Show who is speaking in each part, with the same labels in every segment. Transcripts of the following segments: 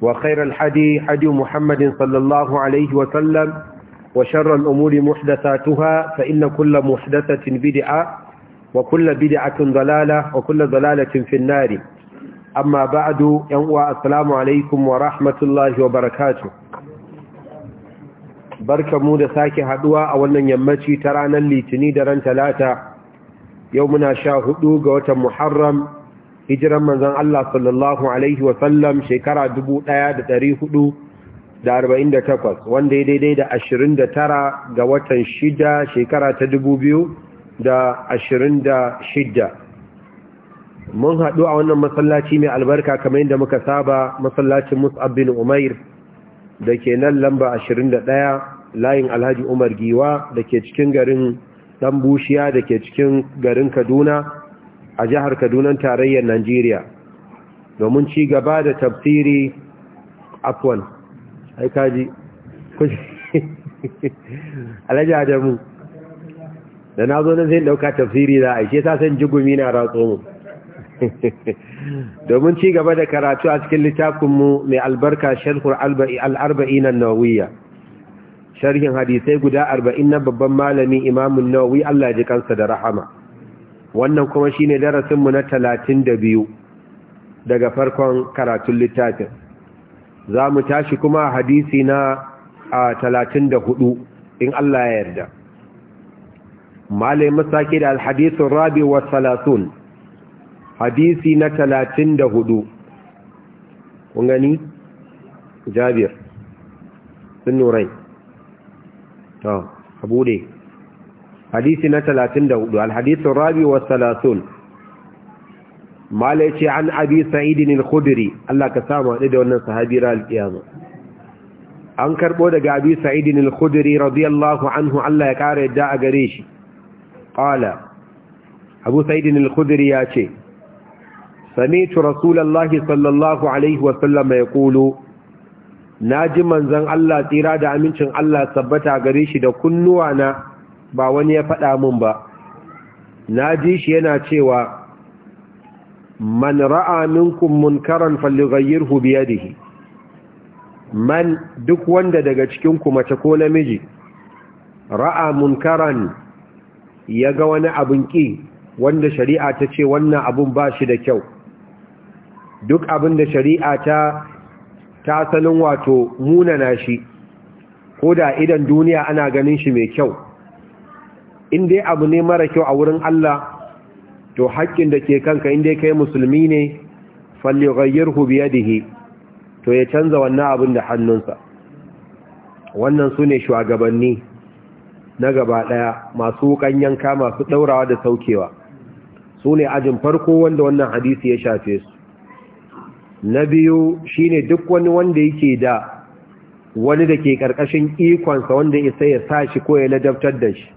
Speaker 1: وخير الحدي حدي محمد صلى الله عليه وسلم وشر الأمور محدثاتها فإن كل محدثة بدعة وكل بدعة ضلالة وكل ضلالة في النار أما بعد ينوى السلام عليكم ورحمة الله وبركاته barka mu da sake haduwa a wannan yammaci ta ranar litini da ran talata yau muna sha hudu ga watan muharram hijiran manzan Allah sallallahu Alaihi wasallam shekara 1448 wanda ya daidai da tara ga watan shida shekara ta 2026 mun haɗu a wannan masallaci mai albarka kamar yadda muka saba masallacin mus'ab bin umair da ke nan lamba 21 layin alhaji umar giwa da ke cikin garin ɗan bushiya da ke cikin garin kaduna a jihar Kaduna tarayyar Najeriya domin ci gaba da tafsiri afwan ai kaji alhaji Adamu da na zo nan zai dauka tafsiri za a yi ta san jigumi na ratso mu domin ci gaba da karatu a cikin littafinmu mai albarka sharhur al'arba'in nawawiya sharhin hadisai guda arba'in na babban malami imamun nawawi Allah ji kansa da rahama wannan kuma shi ne darasinmu na talatin da biyu daga farkon karatun littafin za mu tashi kuma hadisi na talatin da hudu in Allah ya yarda malai masaki da alhadisun rabi wa salasun hadisi na talatin da hudu kun gani jabir sun nurai ta abu dai hadisi na 34 alhadithu rabi wa 30 mala an abi sa'id al Allah ka sa mu da wannan sahabi ra al-qiyama an karbo daga abi sa'id al radiyallahu anhu Allah ya kare da a gare shi qala abu sa'id al-khudri yace sami'tu rasulullahi sallallahu alaihi wa sallam yaqulu naji manzon Allah tsira da amincin Allah sabbata gare shi da kunnuwana ba wani ya faɗa min ba na ji shi yana cewa man ra'a minkum munkaran falyughayyirhu bi yadihi man duk wanda daga cikin ku mace ko namiji ra'a munkaran ga wani abin ki wanda shari'a ta ce wannan abun ba shi da kyau duk abin da shari'a ta ta wato wato munana shi ko da idan duniya ana ganin shi mai kyau in dai abu ne mara kyau a wurin Allah to haƙƙin da ke kanka in dai kai musulmi ne falyughayyirhu bi yadihi to ya canza wannan abin da hannunsa wannan sune shugabanni na gaba daya masu yanka masu ɗaurawa da saukewa sune ajin farko wanda wannan hadisi ya shafe su na biyu shine duk wani wanda yake da wani da ke ƙarƙashin ikonsa wanda isa ya sa shi ko ya ladabtar da shi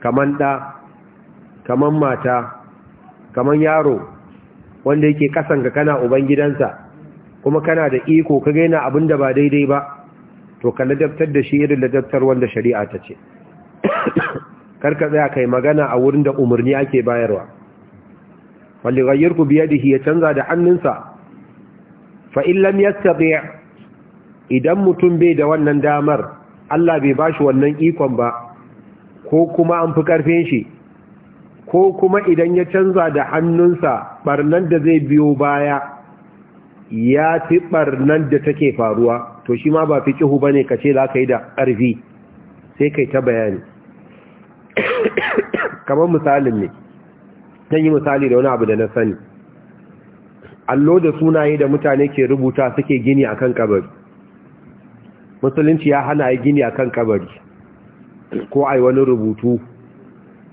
Speaker 1: kaman ɗa kaman mata kaman yaro wanda yake kasan ka kana uban gidansa kuma kana da iko ka gaina abin da ba daidai ba to ka ladabtar da shi irin ladabtar wanda shari'a ta ce Kar ka tsaya kai magana a wurin da umarni ake bayarwa walli ku bi yadihi ya canza da hannunsa fa in lam yastati idan mutum bai da wannan damar Allah bai bashi wannan ikon ba ko kuma an fi ƙarfin shi ko kuma idan ya canza da hannunsa ɓarnar da zai biyo baya ya fi ɓarnar da take faruwa to shi ma ba fi ƙihu ba ne ka ce za ka yi da ƙarfi sai yi ta bayani kamar misalin ne zan yi misali da wani abu da na sani allo da sunaye da mutane ke rubuta suke gini akan kabari musulunci ya hana yi gini akan kabari ko ai wani rubutu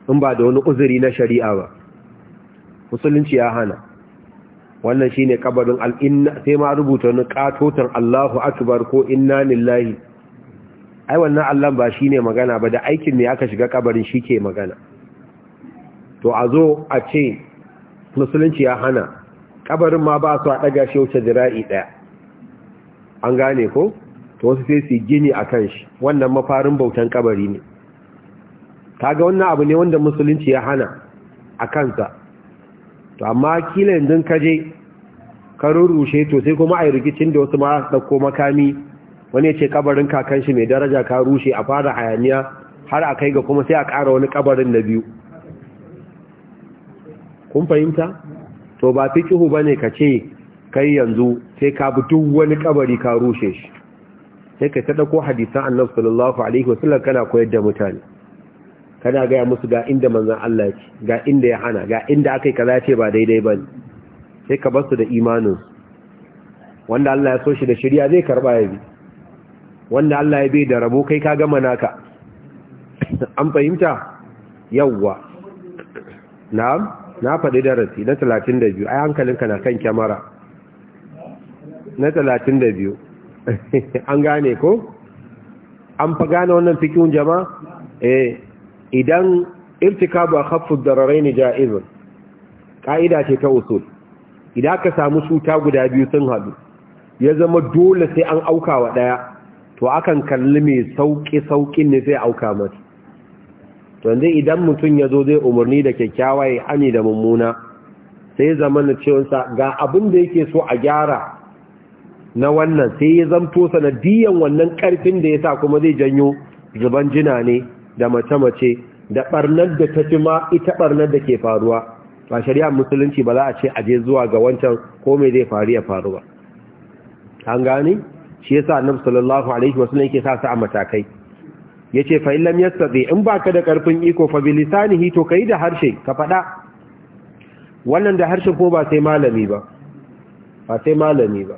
Speaker 1: in ba da wani uzuri na shari'a ba musulunci ya hana wannan shine kabarin al sai ma rubuta wani katotan Allahu akbar ko inna lillahi ai wannan Allah ba shine magana ba da aikin ne aka shiga kabarin shike magana to a zo a ce musulunci ya hana kabarin ma ba su a daga shi wuce jira'i daya an gane ko to wasu sai su gini a kan shi wannan mafarin bautan kabari ne kaga wannan abu ne wanda musulunci ya hana a kansa to amma kila yanzu ka je ka rurrushe to sai kuma a yi rikicin da wasu ma dauko makami wani ya ce kabarin kakan shi mai daraja ka rushe a fara hayaniya har a kai ga kuma sai a ƙara wani kabarin na biyu kun fahimta to ba fi kihu ba ne ka ce kai yanzu sai ka bi duk wani kabari ka rushe shi sai kai ta dauko hadisan annabi sallallahu alaihi wasallam kana koyar da mutane kana gaya musu ga inda manzon Allah ya ce ga inda ya hana ga inda akai kaza ya ce ba daidai bane sai ka basu da imanin wanda Allah ya so shi da shari'a zai karba ya bi wanda Allah ya bai da rabo kai ka gama naka an fahimta yawwa na'am na faɗi darasi na 32 ai hankalinka na kan kyamara na 32 an gane ko an fa gane wannan fikin jama'a eh idan irtikabu akhaffu dararain ja'iz ka'ida ce ta usul idan ka samu cuta guda biyu sun hadu ya zama dole sai an auka wa daya to akan kalli mai sauki saukin ne sai auka mata to idan mutum ya zo zai umarni da kyakkyawa ya ani da mummuna sai zaman cewa ga abin da yake so a gyara na wannan sai ya zanto sanadiyan wannan karfin da ya sa kuma zai janyo zuban jina ne da mace-mace da barnar da ta fi ma ita barnar da ke faruwa ba shari'a musulunci ba za a ce aje zuwa ga wancan ko mai zai faru ya faru ba an gane shi ya yasa annabi sallallahu alaihi wasallam yake sa su a matakai yace fa in yastati in baka da karfin iko fa bi lisanihi to kai da harshe ka faɗa? wannan da harshe ko ba sai malami ba ba sai malami ba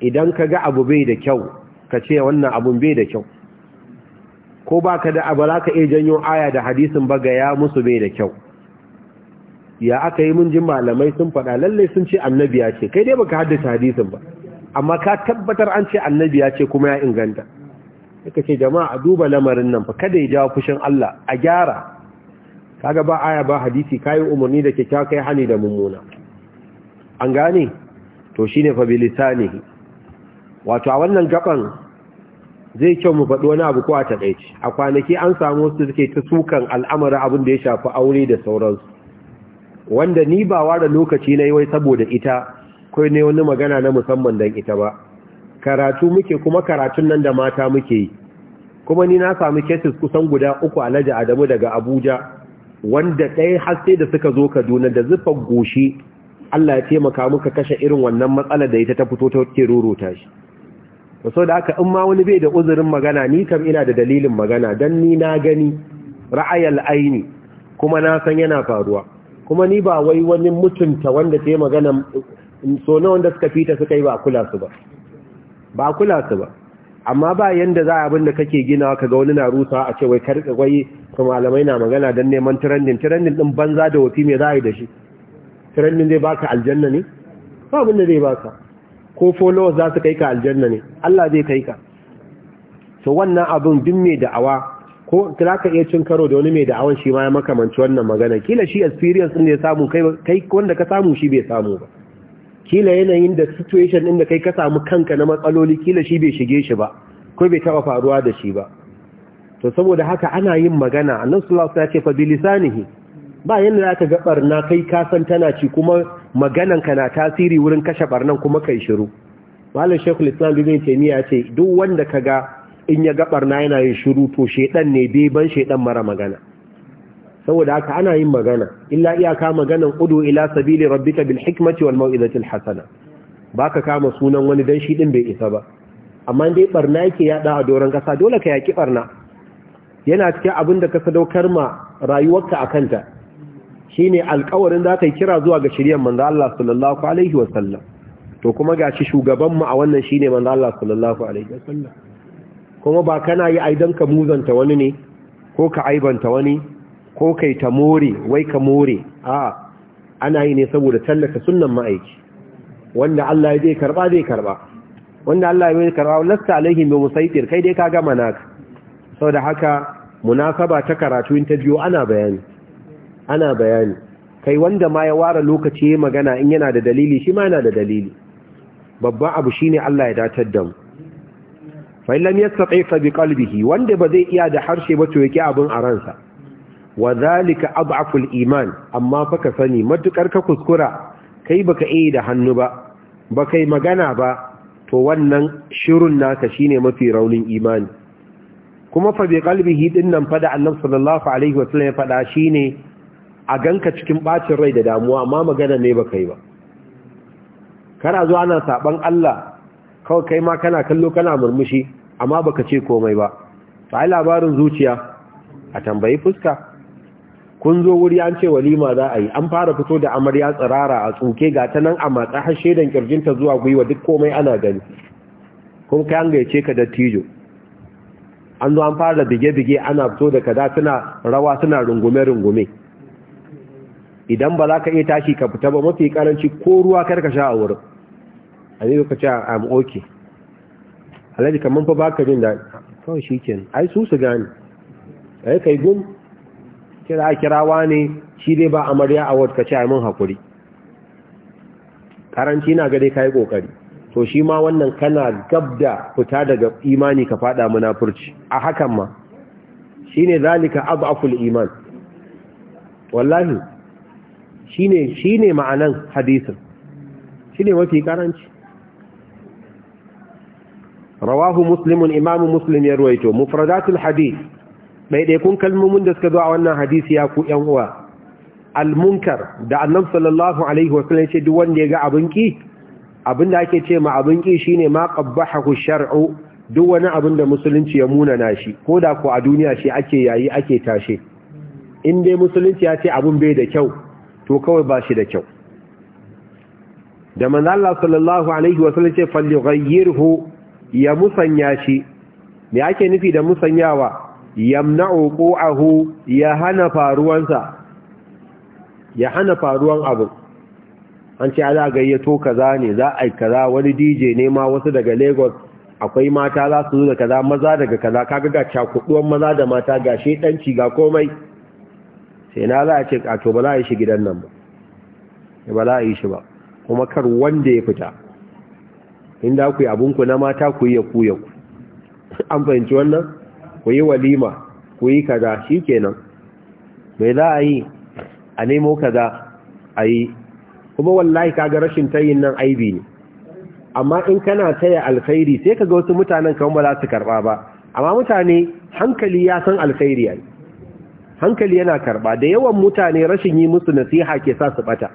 Speaker 1: idan ka ga abu bai da kyau ka ce wannan abun bai da kyau ko ba ka da abu za iya janyo aya da hadisin baga ya musu bai da kyau ya aka yi mun ji malamai sun faɗa lalle sun ce annabi ya ce kai dai baka haddace hadisin ba amma ka tabbatar an ce annabi ya ce kuma ya inganta kake ce jama'a duba lamarin nan fa kada ya jawo fushin Allah a gyara kaga ba aya ba hadisi kayi umarni da kyakkyawa kai hani da mummuna an gane to shine fa bilisanihi wato a wannan gaban zai kyau mu faɗi wani abu ko a ɗaici a kwanaki an samu wasu suke ta sukan al'amarin abin da ya shafi aure da sauransu wanda ni ba ware lokaci na yi wai saboda ita kai ne wani magana na musamman don ita ba karatu muke kuma karatun nan da mata muke yi kuma ni na sami kesis kusan guda uku a laja adamu daga abuja wanda ɗaya har sai da suka zo kaduna da zufa goshi allah ya taimaka muka kashe irin wannan matsalar da ita ta fito ta ke rorota shi so da haka in ma wani bai da uzurin magana ni kam ina da dalilin magana dan ni na gani ra'ayal aini kuma na san yana faruwa kuma ni ba wai wani mutunta wanda ta yi magana so na wanda suka fita suka yi ba kula su ba ba kula su ba amma ba yanda za a abin da kake ginawa ga wani na rusa a ce wai karka wai to malamai na magana dan neman trendin trendin din banza da wafi me za a yi da shi trendin zai baka aljanna ne ba abin da zai baka ko followers za su kai ka aljanna ne Allah zai kai ka so wannan abin duk mai da'awa ko za ka iya cin karo da wani mai da'awan shi ma ya makamanci wannan magana kila shi experience din da ya samu kai wanda ka samu shi bai samu ba kila yanayin da situation din da kai ka samu kanka na matsaloli kila shi bai shige shi ba ko bai taba faruwa da shi ba to saboda haka ana yin magana annabi sallallahu alaihi wasallam ya ce fa bilisanihi ba yanda zaka ga barna kai ka san tana ci kuma Maganarka na tasiri wurin kashe barnan kuma kai shiru malam shekul islam bin taimiyya ce duk wanda ka ga in ya ga na yana yin shiru to shedan ne ban shedan mara magana saboda haka ana yin magana illa iyaka maganan udu ila sabili rabbika bil hikmati wal mau'izatil hasana baka kama sunan wani dan shi din bai isa ba amma dai barna yake yada a doron kasa dole ka yaki barna yana cikin abin da ka sadaukar ma rayuwarka akanta shine alƙawarin za ka yi kira zuwa ga shiryan manzan Allah sallallahu alaihi wasallam to kuma ga shi shugabanmu a wannan shine manzan Allah sallallahu alaihi wasallam kuma ba kana yi aidan ka muzanta wani ne ko ka aibanta wani ko kai ta more wai ka more a ana yi ne saboda tallata sunan ma'aiki wanda Allah ya zai karba zai karba wanda Allah ya zai karba lasta alaihim bi musaitir kai dai ka gama naka da haka munasaba ta karatu in ta ana bayani ana bayani kai wanda ma ya ware lokaci ya magana in yana da dalili shi ma yana da dalili babban abu shine Allah ya datar da mu fa illam yastati fa bi qalbihi wanda ba zai iya da harshe ba to yake abin a ransa wa zalika ad'aful iman amma fa ka sani matukar ka kuskura kai baka yi da hannu ba ba kai magana ba to wannan shirun naka shine mafi raunin imani kuma fa bi qalbihi dinnan fa da annabi sallallahu alaihi wasallam ya fada shine a ganka cikin bacin rai da damuwa amma magana ne ba kai ba kana zuwa ana saban Allah kawai kai ma kana kallo kana murmushi amma baka ce komai ba sai labarin zuciya a tambayi fuska kun zo wuri an ce walima za a yi an fara fito da amarya tsirara a tsuke ga ta nan a matsa har shedan kirjinta zuwa gwiwa duk komai ana gani kun kai an gaice ka dattijo an zo an fara bige-bige ana fito da kada suna rawa suna rungume-rungume idan ba za ka iya tashi ka fita ba mafi karanci ko ruwa kar ka sha a wurin annabi ka ce am okay alhaji kamar fa baka jin da kawai shi shikenan ai su su gane yi kai gum kira kirawa ne shi dai ba amarya award ka ce ai mun hakuri karanci na ga dai yi ƙoƙari. to shi ma wannan kana gab da fita daga imani ka fada munafurci a hakan ma Shi ne zalika aful-aful iman wallahi shine shine ma'anan hadisin shine mafi karanci rawahu muslimun imamu muslim ya ruwaito mufradatul hadith kun kalmomin da suka zo a wannan hadisi ya ku yan uwa al-munkar da annab sallallahu alaihi wasallam ya ce duk wanda ya ga abin ki da ake ce ma abin ki shine ma qabbahahu shar'u duk wani abin da musulunci ya munana shi ko da ko a duniya shi ake yayi ake tashe in dai musulunci ya ce abun bai da kyau to kawai ba shi da kyau da manzo Allah sallallahu alaihi wa sallam ce ghayyirhu ya musanya shi me ake nufi da musanyawa yamna'u qu'ahu ya hana faruwansa ya hana faruwan abu an ce ala gayyato kaza ne za a yi kaza wani DJ ne ma wasu daga Lagos akwai mata za su zo da kaza maza daga kaza kaga ga cakuduwan maza da mata ga shedanci ga komai sai na za a ce kato ba za a yi shi gidan nan ba ba za a yi shi ba kuma kar wanda ya fita inda ku yi abinku na mata ku yi ya ku ya ku an fahimci wannan ku yi walima ku yi kaza shi kenan mai za a yi a nemo kaza a yi kuma wallahi kaga rashin tayin nan aibi ne amma in kana taya alkhairi sai ka ga wasu mutanen kawai ba za su karba ba amma mutane hankali ya san alkhairi yi. hankali yana karba da yawan mutane rashin yi musu nasiha ke sa su bata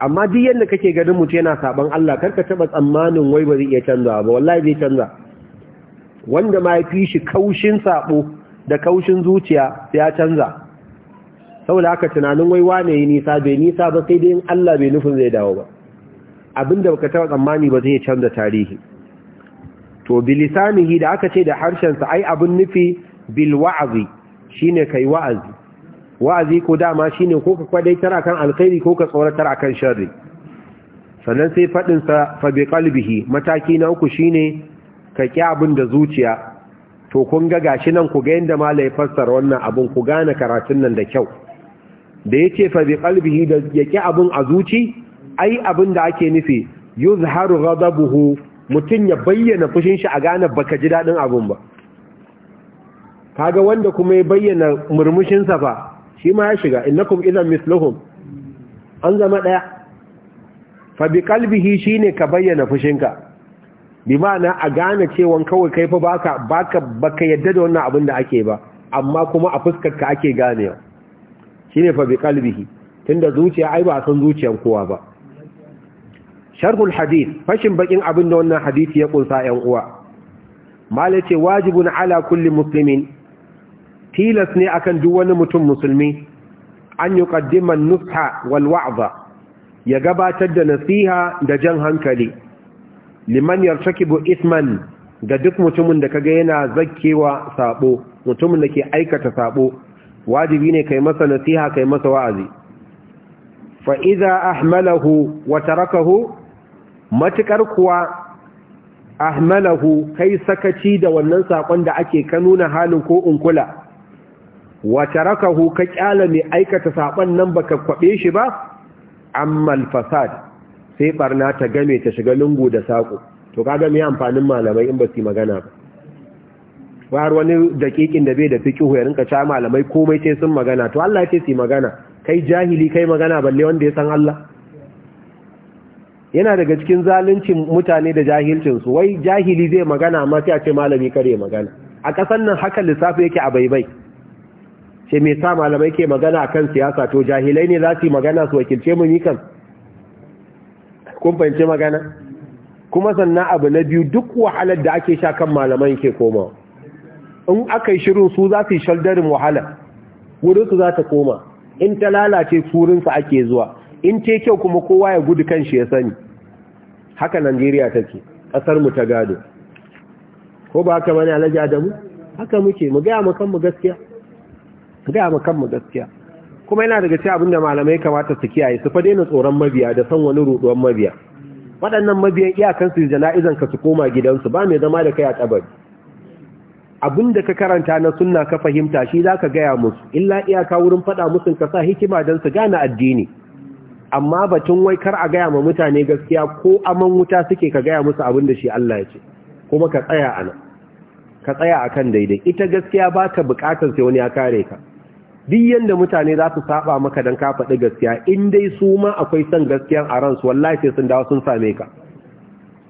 Speaker 1: amma duk yanda kake ganin mutum yana saban Allah karka taba tsammanin wai ba zai iya canza ba wallahi zai canza wanda ma ya fi shi kaushin sabo da kaushin zuciya sai ya canza saboda haka tunanin wai wane yi nisa bai nisa ba sai dai in Allah bai nufin zai dawo ba abinda baka taba tsammani ba zai canza tarihi to bilisanihi da aka ce da harshen sa ai abin nufi bil wa'zi shine kai wa'azi wa'azi ko dama shine ko ka kwadaitar kan alkhairi ko ka tsoratar akan sharri sannan sai fadin sa fa bi qalbihi mataki na uku shine ka ki abin da zuciya to kun ga gashi nan ku ga yanda malai fassara wannan abun ku gane karatun nan da kyau da yace fa bi qalbihi da yaki abin a zuci ai abin da ake nufi yuzharu ghadabuhu mutun ya bayyana fushin shi a gane baka ji dadin abun ba kaga wanda kuma ya bayyana murmushin sa shi ma ya shiga innakum idan misluhum an zama daya fa bi qalbihi shine ka bayyana fushinka bi ma'ana a gane cewa kawai kai fa baka baka baka yadda da wannan abin da ake ba amma kuma a fuskar ka ake ganewa shine fa bi qalbihi tunda zuciya ai ba san zuciyar kowa ba sharhul hadith fashin bakin abin da wannan hadisi ya kunsa 'yan uwa mala wajibun ala kulli muslimin tilas ne akan duk wani mutum musulmi an yi ƙaddiman nusha wal wa'aza ya gabatar da nasiha da jan hankali liman yartakibu isman da duk mutumin da kaga yana zakkewa sabo mutumin da ke aikata sabo wajibi ne kai masa nasiha kai masa wa'azi fa idza ahmalahu wa tarakahu kuwa ahmalahu kai sakaci da wannan sakon da ake kanuna halin ko unkula wa tarakahu ka kyala mai aikata saban nan baka kwabe shi ba ammal fasad sai barna ta game ta shiga lungu da sako to kaga me amfanin malamai in ba su magana ba har wani daƙiƙin da bai da fikihu ya rinka ca malamai komai sai sun magana to Allah ya ce su magana kai jahili kai magana balle wanda ya san Allah yana daga cikin zaluncin mutane da su wai jahili zai magana amma sai a ce malami kare magana a ƙasar nan haka lissafi yake a baibai sai mai sa malamai ke magana akan siyasa to jahilai ne za su yi magana su wakilce mu ni kan kun magana kuma sannan abu na biyu duk wahalar da ake sha kan malaman ke koma in aka yi shirin su za su yi shaldarin wahala wurin su za ta koma in ta lalace turinsa ake zuwa in ce kyau kuma kowa ya gudu kan shi ya sani haka Najeriya take kasar mu ta gado ko ba haka bane alaji Adamu haka muke mu gaya mu kan mu gaskiya su gaya ma kanmu gaskiya kuma yana daga abin abinda malamai kamata su kiyaye su fa daina tsoron mabiya da san wani ruduwan mabiya waɗannan mabiyan iyakan su jana'izan ka su koma gidansu ba mai zama da kai a kabari abinda ka karanta na sunna ka fahimta shi za ka gaya musu illa iyaka wurin faɗa musu ka sa hikima dan su gane addini amma batun wai kar a gaya ma mutane gaskiya ko aman wuta suke ka gaya musu abinda shi Allah ya ce kuma ka tsaya a nan ka tsaya akan daidai ita gaskiya ba bukatar sai wani ya kare ka duk yadda mutane za su saba maka don ka faɗi gaskiya in dai su ma akwai son gaskiyan a ransu wallahi sai sun dawo sun same ka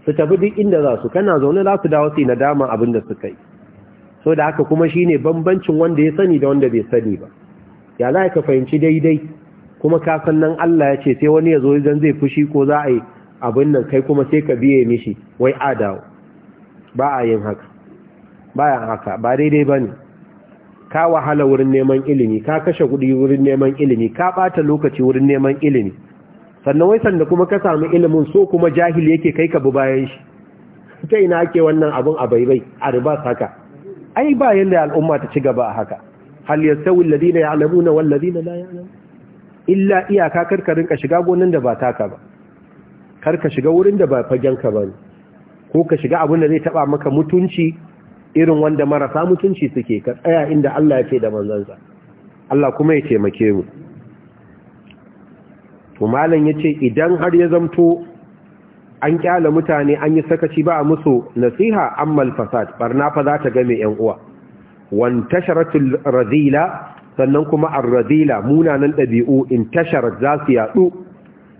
Speaker 1: su tafi duk inda za su kana zaune za su dawo su yi nadama abin da suka yi so da haka kuma shi ne bambancin wanda ya sani da wanda bai sani ba ya za ka fahimci daidai kuma ka san nan Allah ya ce sai wani ya zo idan zai fushi ko za a yi abin nan kai kuma sai ka biye mishi wai adawo ba a yin haka ba haka ba daidai ba ne ka wahala wurin neman ilimi ka kashe kuɗi wurin neman ilimi ka ɓata lokaci wurin neman ilimi sannan wai sanda kuma ka samu ilimin so kuma jahili yake kai ka bi bayan shi ta ina ake wannan abun a baibai a riba haka ai ba yanda al'umma ta ci gaba a haka hal yastawi alladhina ya'lamuna wal ladina la ya'lamun illa iyaka ka rinka shiga gonan da ba taka ba kar ka shiga wurin da ba fagen ka ba ko ka shiga abun da zai taba maka mutunci irin wanda marasa mutunci suke ka tsaya inda Allah ya ce da manzansa Allah kuma ya taimake mu to ya ce idan har ya zamto an kyala mutane an yi sakaci ba a musu nasiha ammal fasad barna fa za ta ga mai yan uwa wan tasharatul radila sannan kuma ar-radila munanan dabi'u in tasharat za su yadu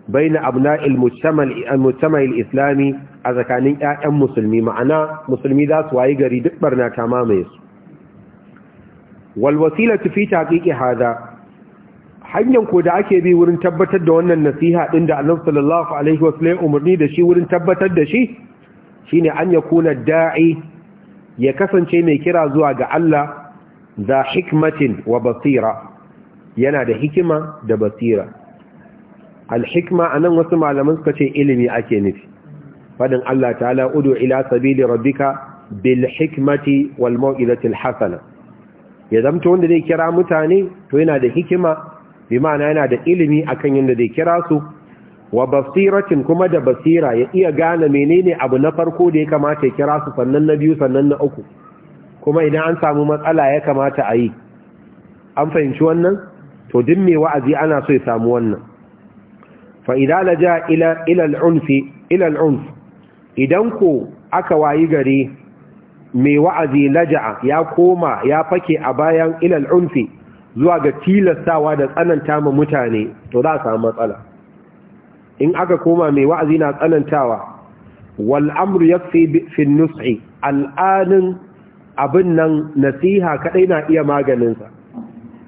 Speaker 1: baina abna'il mujtama'il islami a tsakanin 'ya'yan musulmi ma'ana musulmi za su wayi gari duk barna ta mamaye su Walwasilatu fita fi hada hanyar ko da ake bi wurin tabbatar da wannan nasiha ɗin da Annabi sallallahu umarni da shi wurin tabbatar da shi shine an kuna da'i ya kasance mai kira zuwa ga Allah da hikmatin wa basira yana da hikima da basira alhikma anan wasu malaman suka ce ilimi ake nufi fadin Allah ta'ala udu ila sabili rabbika bil hikmati wal mau'izati al hasana ya zamto wanda zai kira mutane to yana da hikima bi ma'ana yana da ilimi akan yanda zai kira su wa basiratin kuma da basira ya iya gane menene abu na farko da ya kamata ya kira su sannan na biyu sannan na uku kuma idan an samu matsala ya kamata a yi an fahimci wannan to duk mai wa'azi ana so ya samu wannan Fa'ida idan laja ila ila al idan ko aka wayi gare mai wa'azi laja'a ya koma ya fake a bayan ilal zuwa ga tilastawa da tsananta ma mutane to za a samu matsala in aka koma mai wa'azi na tsanantawa wal'amru ya fi fin al'anin abin nan nasiha kaɗai na iya maganinsa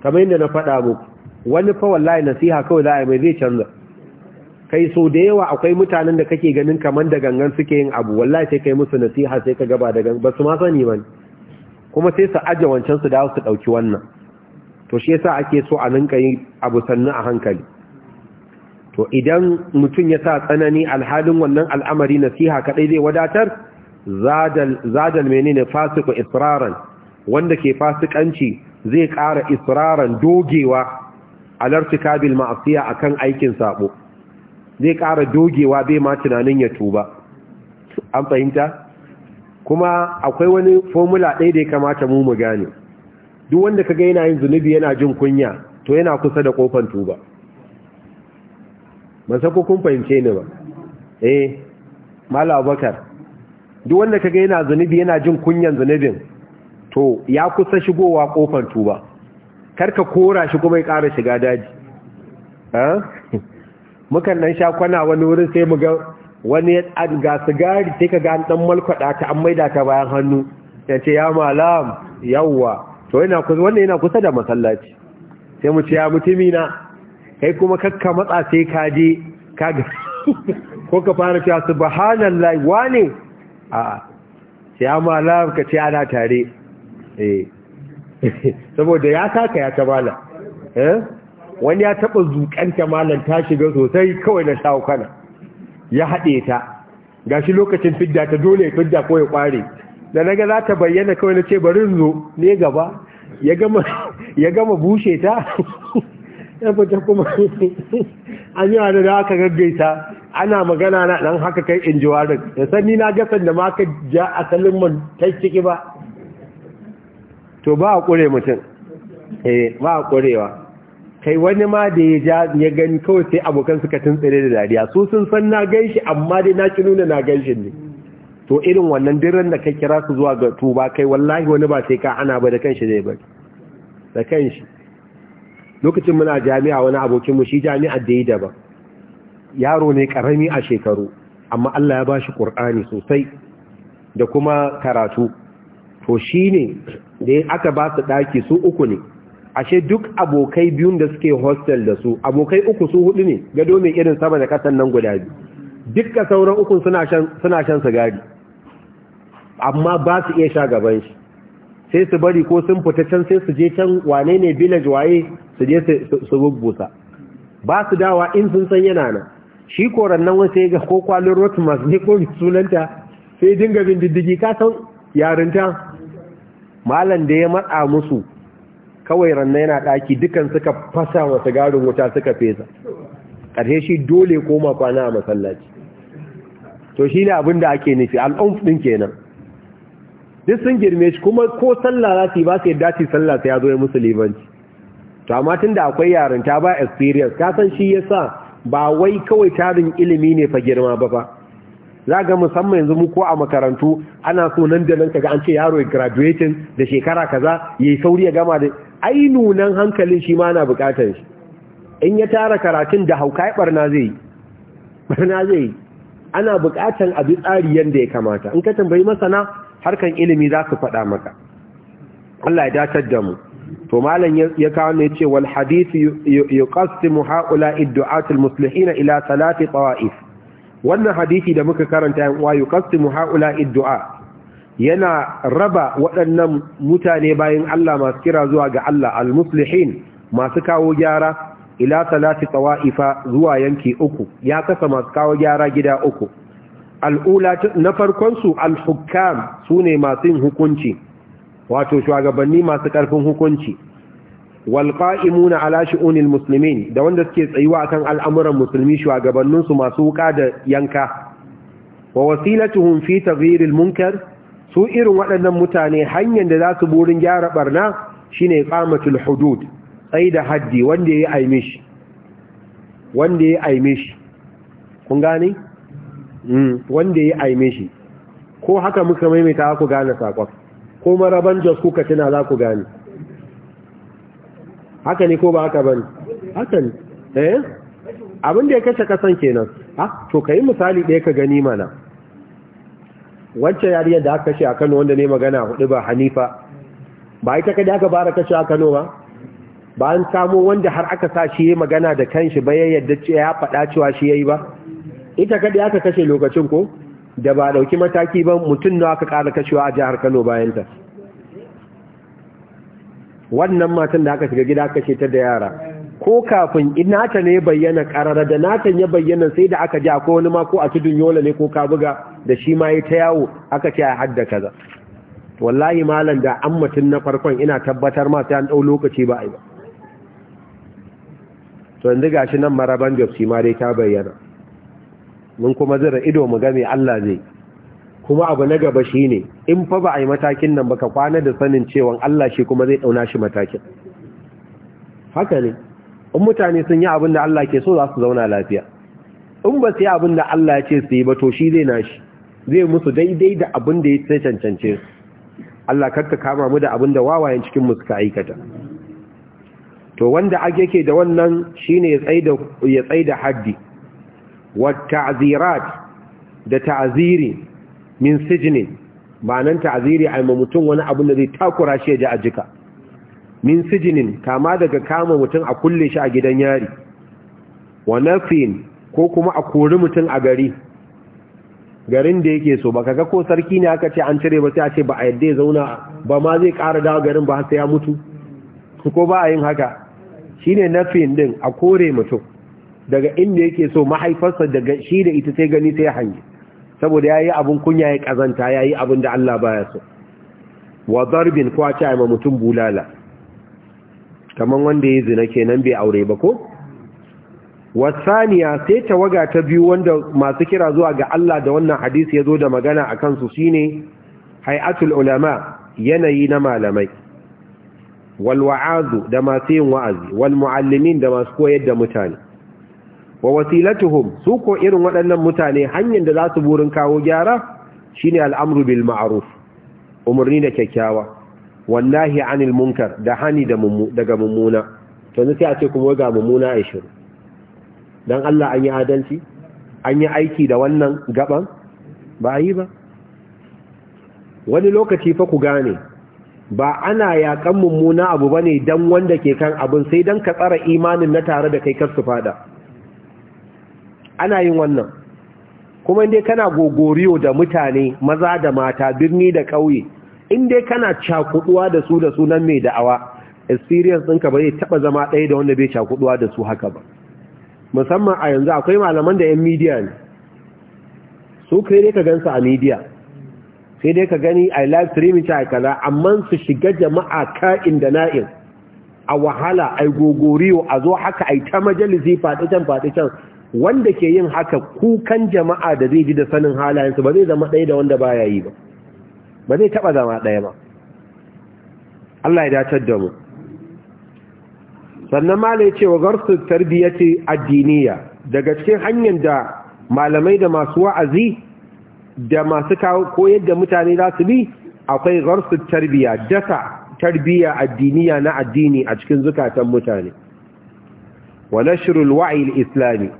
Speaker 1: kamar yadda na faɗa muku wani fa wallahi nasiha kawai za mai zai canza kai so da yawa akwai mutanen da kake ganin kamar da gangan suke yin abu wallahi sai kai musu nasiha sai ka gaba da gangan ba su ma sani ba kuma sai su aje wancan su dawo su dauki wannan to shi yasa ake so a ninka yi abu sannu a hankali to idan mutum ya sa tsanani alhalin wannan al'amari nasiha kadai zai wadatar zadal zadal menene fasiku israran wanda ke fasikanci zai ƙara israran dogewa alartikabil ma'asiya akan aikin sabo zai ƙara dogewa bai ma tunanin ya tuba an fahimta kuma akwai wani formula ɗaya da ya kamata mu mu gane duk wanda ka ga yana yin zunubi yana jin kunya to yana kusa da kofan tuba ban sako kun fahimce ni ba eh mala abubakar duk wanda kaga yana zunubi yana jin kunyan zunubin to ya kusa shigowa kofan tuba karka kora shi kuma ya ƙara shiga daji mukan nan sha kwana wani wurin sai mu ga wani ga sigari sai ka ga an dan malkwada ta an maida ta bayan hannu sai ce ya malam yawwa to yana kusa wannan yana kusa da masallaci sai mu ce ya mutumi na kai kuma kakka matsa sai ka je ka ga ko ka fara cewa subhanallahi wane a ya malam ka ce ana tare eh saboda ya saka ya tabala eh wani ya taɓa zuƙanta malam ta shiga sosai kawai na shawo kana ya haɗe ta ga shi lokacin fidda ta dole ya fidda ko ya ƙware da naga za ta bayyana kawai na ce bari zo ne gaba ya gama bushe ta ya fita kuma an yi wani da aka gaggaita ana magana na ɗan haka kai in ji warin da sani na gasar da maka ja asalin man ta ciki ba to ba a ƙure mutum eh ba a ƙurewa kai wani ma da ya ya gani kawai sai abokan suka tuntsire da dariya su sun san na ganshi amma dai na ki nuna na ganshi ne to irin wannan diran da ka kira su zuwa ga tuba kai wallahi wani ba sai ka ana ba da kanshi zai bari da kanshi lokacin muna jami'a wani abokin mu shi jami'a da yi daban yaro ne karami a shekaru amma Allah ya bashi Qur'ani sosai da kuma karatu to shine da aka ba su daki su uku ne ashe duk abokai biyun da suke hostel da su abokai uku su hudu ne gado mai irin sama da kasan nan guda biyu dukka sauran ukun suna shan sigari amma ba su iya sha gaban shi sai su bari ko sun fita can sai su je can wane ne village waye su je su rubuta ba su dawa in sun san yana nan shi koran nan wasu ya ga ko kwalin rotmas ne ko sunanta sai dinga bin diddigi ka san yarinta malam da ya matsa musu kawai ranna yana ɗaki dukan suka fasa wa sigarin wuta suka fesa ƙarshe shi dole koma kwana a masallaci to shi ne abin da ake nufi al'umf ɗin kenan duk sun girme shi kuma ko sallah za su yi ba su yadda su sallah su ya zo ya musu libanci to amma tun da akwai ta ba experience ka san shi ya sa ba wai kawai tarin ilimi ne fa girma ba ba za ga musamman yanzu mu ko a makarantu ana so nan da nan kaga an ce yaro ya graduating da shekara kaza yayi sauri ya gama da ai nunan hankalin shi ma na bukatar shi in ya tara karatun da hauka barna zai barna zai ana bukatar abu tsari yanda ya kamata in ka tambayi masana harkan ilimi za su faɗa maka Allah ya datar da mu to malam ya kawo ne ce wal hadith yuqassimu haula iddu'at almuslihin ila salati tawa'if wannan hadisi da muka karanta yan uwa yuqassimu haula iddu'a yana raba waɗannan mutane bayan Allah masu kira zuwa ga Allah al-muslihin masu kawo gyara ila salati tawa'ifa zuwa yanki uku ya kasa masu kawo gyara gida uku al'ula na farkon su al-hukam sune masu yin hukunci wato shugabanni masu karfin hukunci wal qa'imuna ala shu'unil muslimin da wanda suke tsayuwa akan al'amuran musulmi shugabannin su masu wuka da yanka wa wasilatuhum fi taghyiril munkar su irin waɗannan mutane hanyar da za su burin gyara barna shine ƙamatul hudud tsayi da haddi wanda ya yi shi wanda ya yi shi kun gani? Mm, wanda ya yi shi ko haka muka maimaita ku gane sakon ko maraban jos kuka tuna za ku gane haka ne ko ba haka bane haka ne eh abin da ya kashe kasan kenan ah to yi misali ɗaya ka gani mana wacce yariyar da aka kashe a Kano wanda ne magana hudu ba Hanifa ba ita kada aka bara kashe a Kano ba ba an samu wanda har aka sa shi magana da kanshi ba ya yadda ya faɗa cewa shi yayi ba ita kada aka kashe lokacin ko da ba dauki mataki ba mutum nawa aka kara kashewa a jihar Kano bayan ta wannan matan da aka shiga gida kashe ta da yara ko kafin inata ne bayyana karara da natan ya bayyana sai da aka ji akwai wani ma ko a tudun yola ne ko ka buga da shi ma yi ta yawo aka ce a hadda kaza wallahi malam da an mutum na farkon ina tabbatar ma sai an ɗau lokaci ba a yi ba to yanzu ga shi nan maraban shi ma dai ta bayyana mun kuma zira ido mu game Allah zai kuma abu na gaba shi ne in fa ba a yi matakin nan baka kwana da sanin cewan Allah shi kuma zai ɗauna shi matakin haka ne in mutane sun yi abin da Allah ke so za su zauna lafiya in ba su yi abin da Allah ya ce su yi ba to shi zai nashi zai musu daidai da abin da ya cancance Allah karka kama mu da abin da wawayen cikin musu ka aikata to wanda ake yake da wannan shine ya tsaida ya tsaida haddi wa ta'zirat da ta'ziri min sijni ma'anan ta'ziri ai mutum wani abin da zai takura shi ya ji a jika min sijinin kama daga kama mutum a kulle shi a gidan yari wa nafin ko kuma a kori mutum a gari garin da yake so ba ga ko sarki ne aka ce an cire ba sai a ce ba a yadda ya zauna ba ma zai kara dawo garin ba sai ya mutu ko ba a yin haka shine nafin din a kore mutum daga inda yake so mahaifarsa daga shi da ita sai gani sai hangi saboda yayi abun kunya ya kazanta yayi abun da Allah baya so wa darbin ko a ce ma mutum bulala kaman wanda ya zina kenan bai aure ba ko wasaniya sai tawaga ta biyu wanda masu kira zuwa ga Allah da wannan hadisi ya zo da magana a kansu shine hai'atul ulama yanayi na malamai walwa'azu da masu yin wa'azi wal da masu koyar da mutane wa wasilatuhum su ko irin waɗannan mutane hanyar da za su burin kawo gyara Shi ne al'amru bil ma'aruf, umarni da kyakkyawa wannahi anil munkar da hani daga mummuna to sai a ce kuma ga mummuna a shiru don Allah an yi adalci an yi aiki da wannan gaban ba yi ba wani lokaci fa ku gane ba ana yakan mummuna abu bane ne wanda ke kan abin sai dan ka tsara imanin na tare da kai kar su fada ana yin wannan kuma inda kana gogoriyo da mutane maza da mata birni da ƙauye inda kana cakuduwa da su da sunan mai da'awa experience ɗinka ba zai taɓa zama ɗaya da wanda bai cakuduwa da su haka ba musamman a yanzu akwai malaman da 'yan midiya ne su kai dai ka gansu a midiya sai dai ka gani a live streaming ta kaza amma su shiga jama'a ka'in da na'in a wahala a gogoriyo a zo haka a yi ta majalisi faɗi can faɗi can wanda ke yin haka kukan jama'a da zai ji da sanin halayensu ba zai zama ɗaya da wanda ba ya yi ba ba zai taɓa zama ɗaya ba Allah ya dacar da mu sannan malai cewa, wa garsu tarbiyyati addiniya daga cikin hanyar da malamai da masu wa'azi da masu koyar da mutane za su bi akwai garsu tarbiyya dasa tarbiyya addiniya na addini a cikin zukatan mutane wa nashrul wa'i islami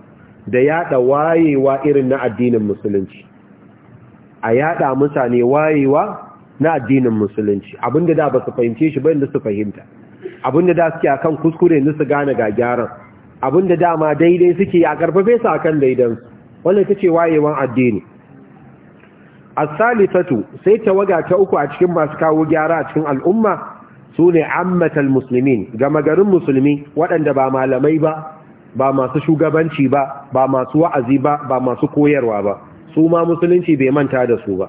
Speaker 1: da yada wayewa irin na addinin musulunci a yada mutane wayewa na addinin musulunci abinda da ba su fahimce shi bayan da su fahimta abinda da suke akan kuskure nisa gane ga gyaran abinda dama daidai suke a karfafe su akan daidan wannan ta ce wayewan addini a salisatu sai ta waga ta uku a cikin masu kawo gyara a cikin al'umma su ne ammatal musulmi gama garin musulmi waɗanda ba malamai ba ba masu shugabanci ba ba masu wa'azi ba ba masu koyarwa ba su ma musulunci bai manta da su ba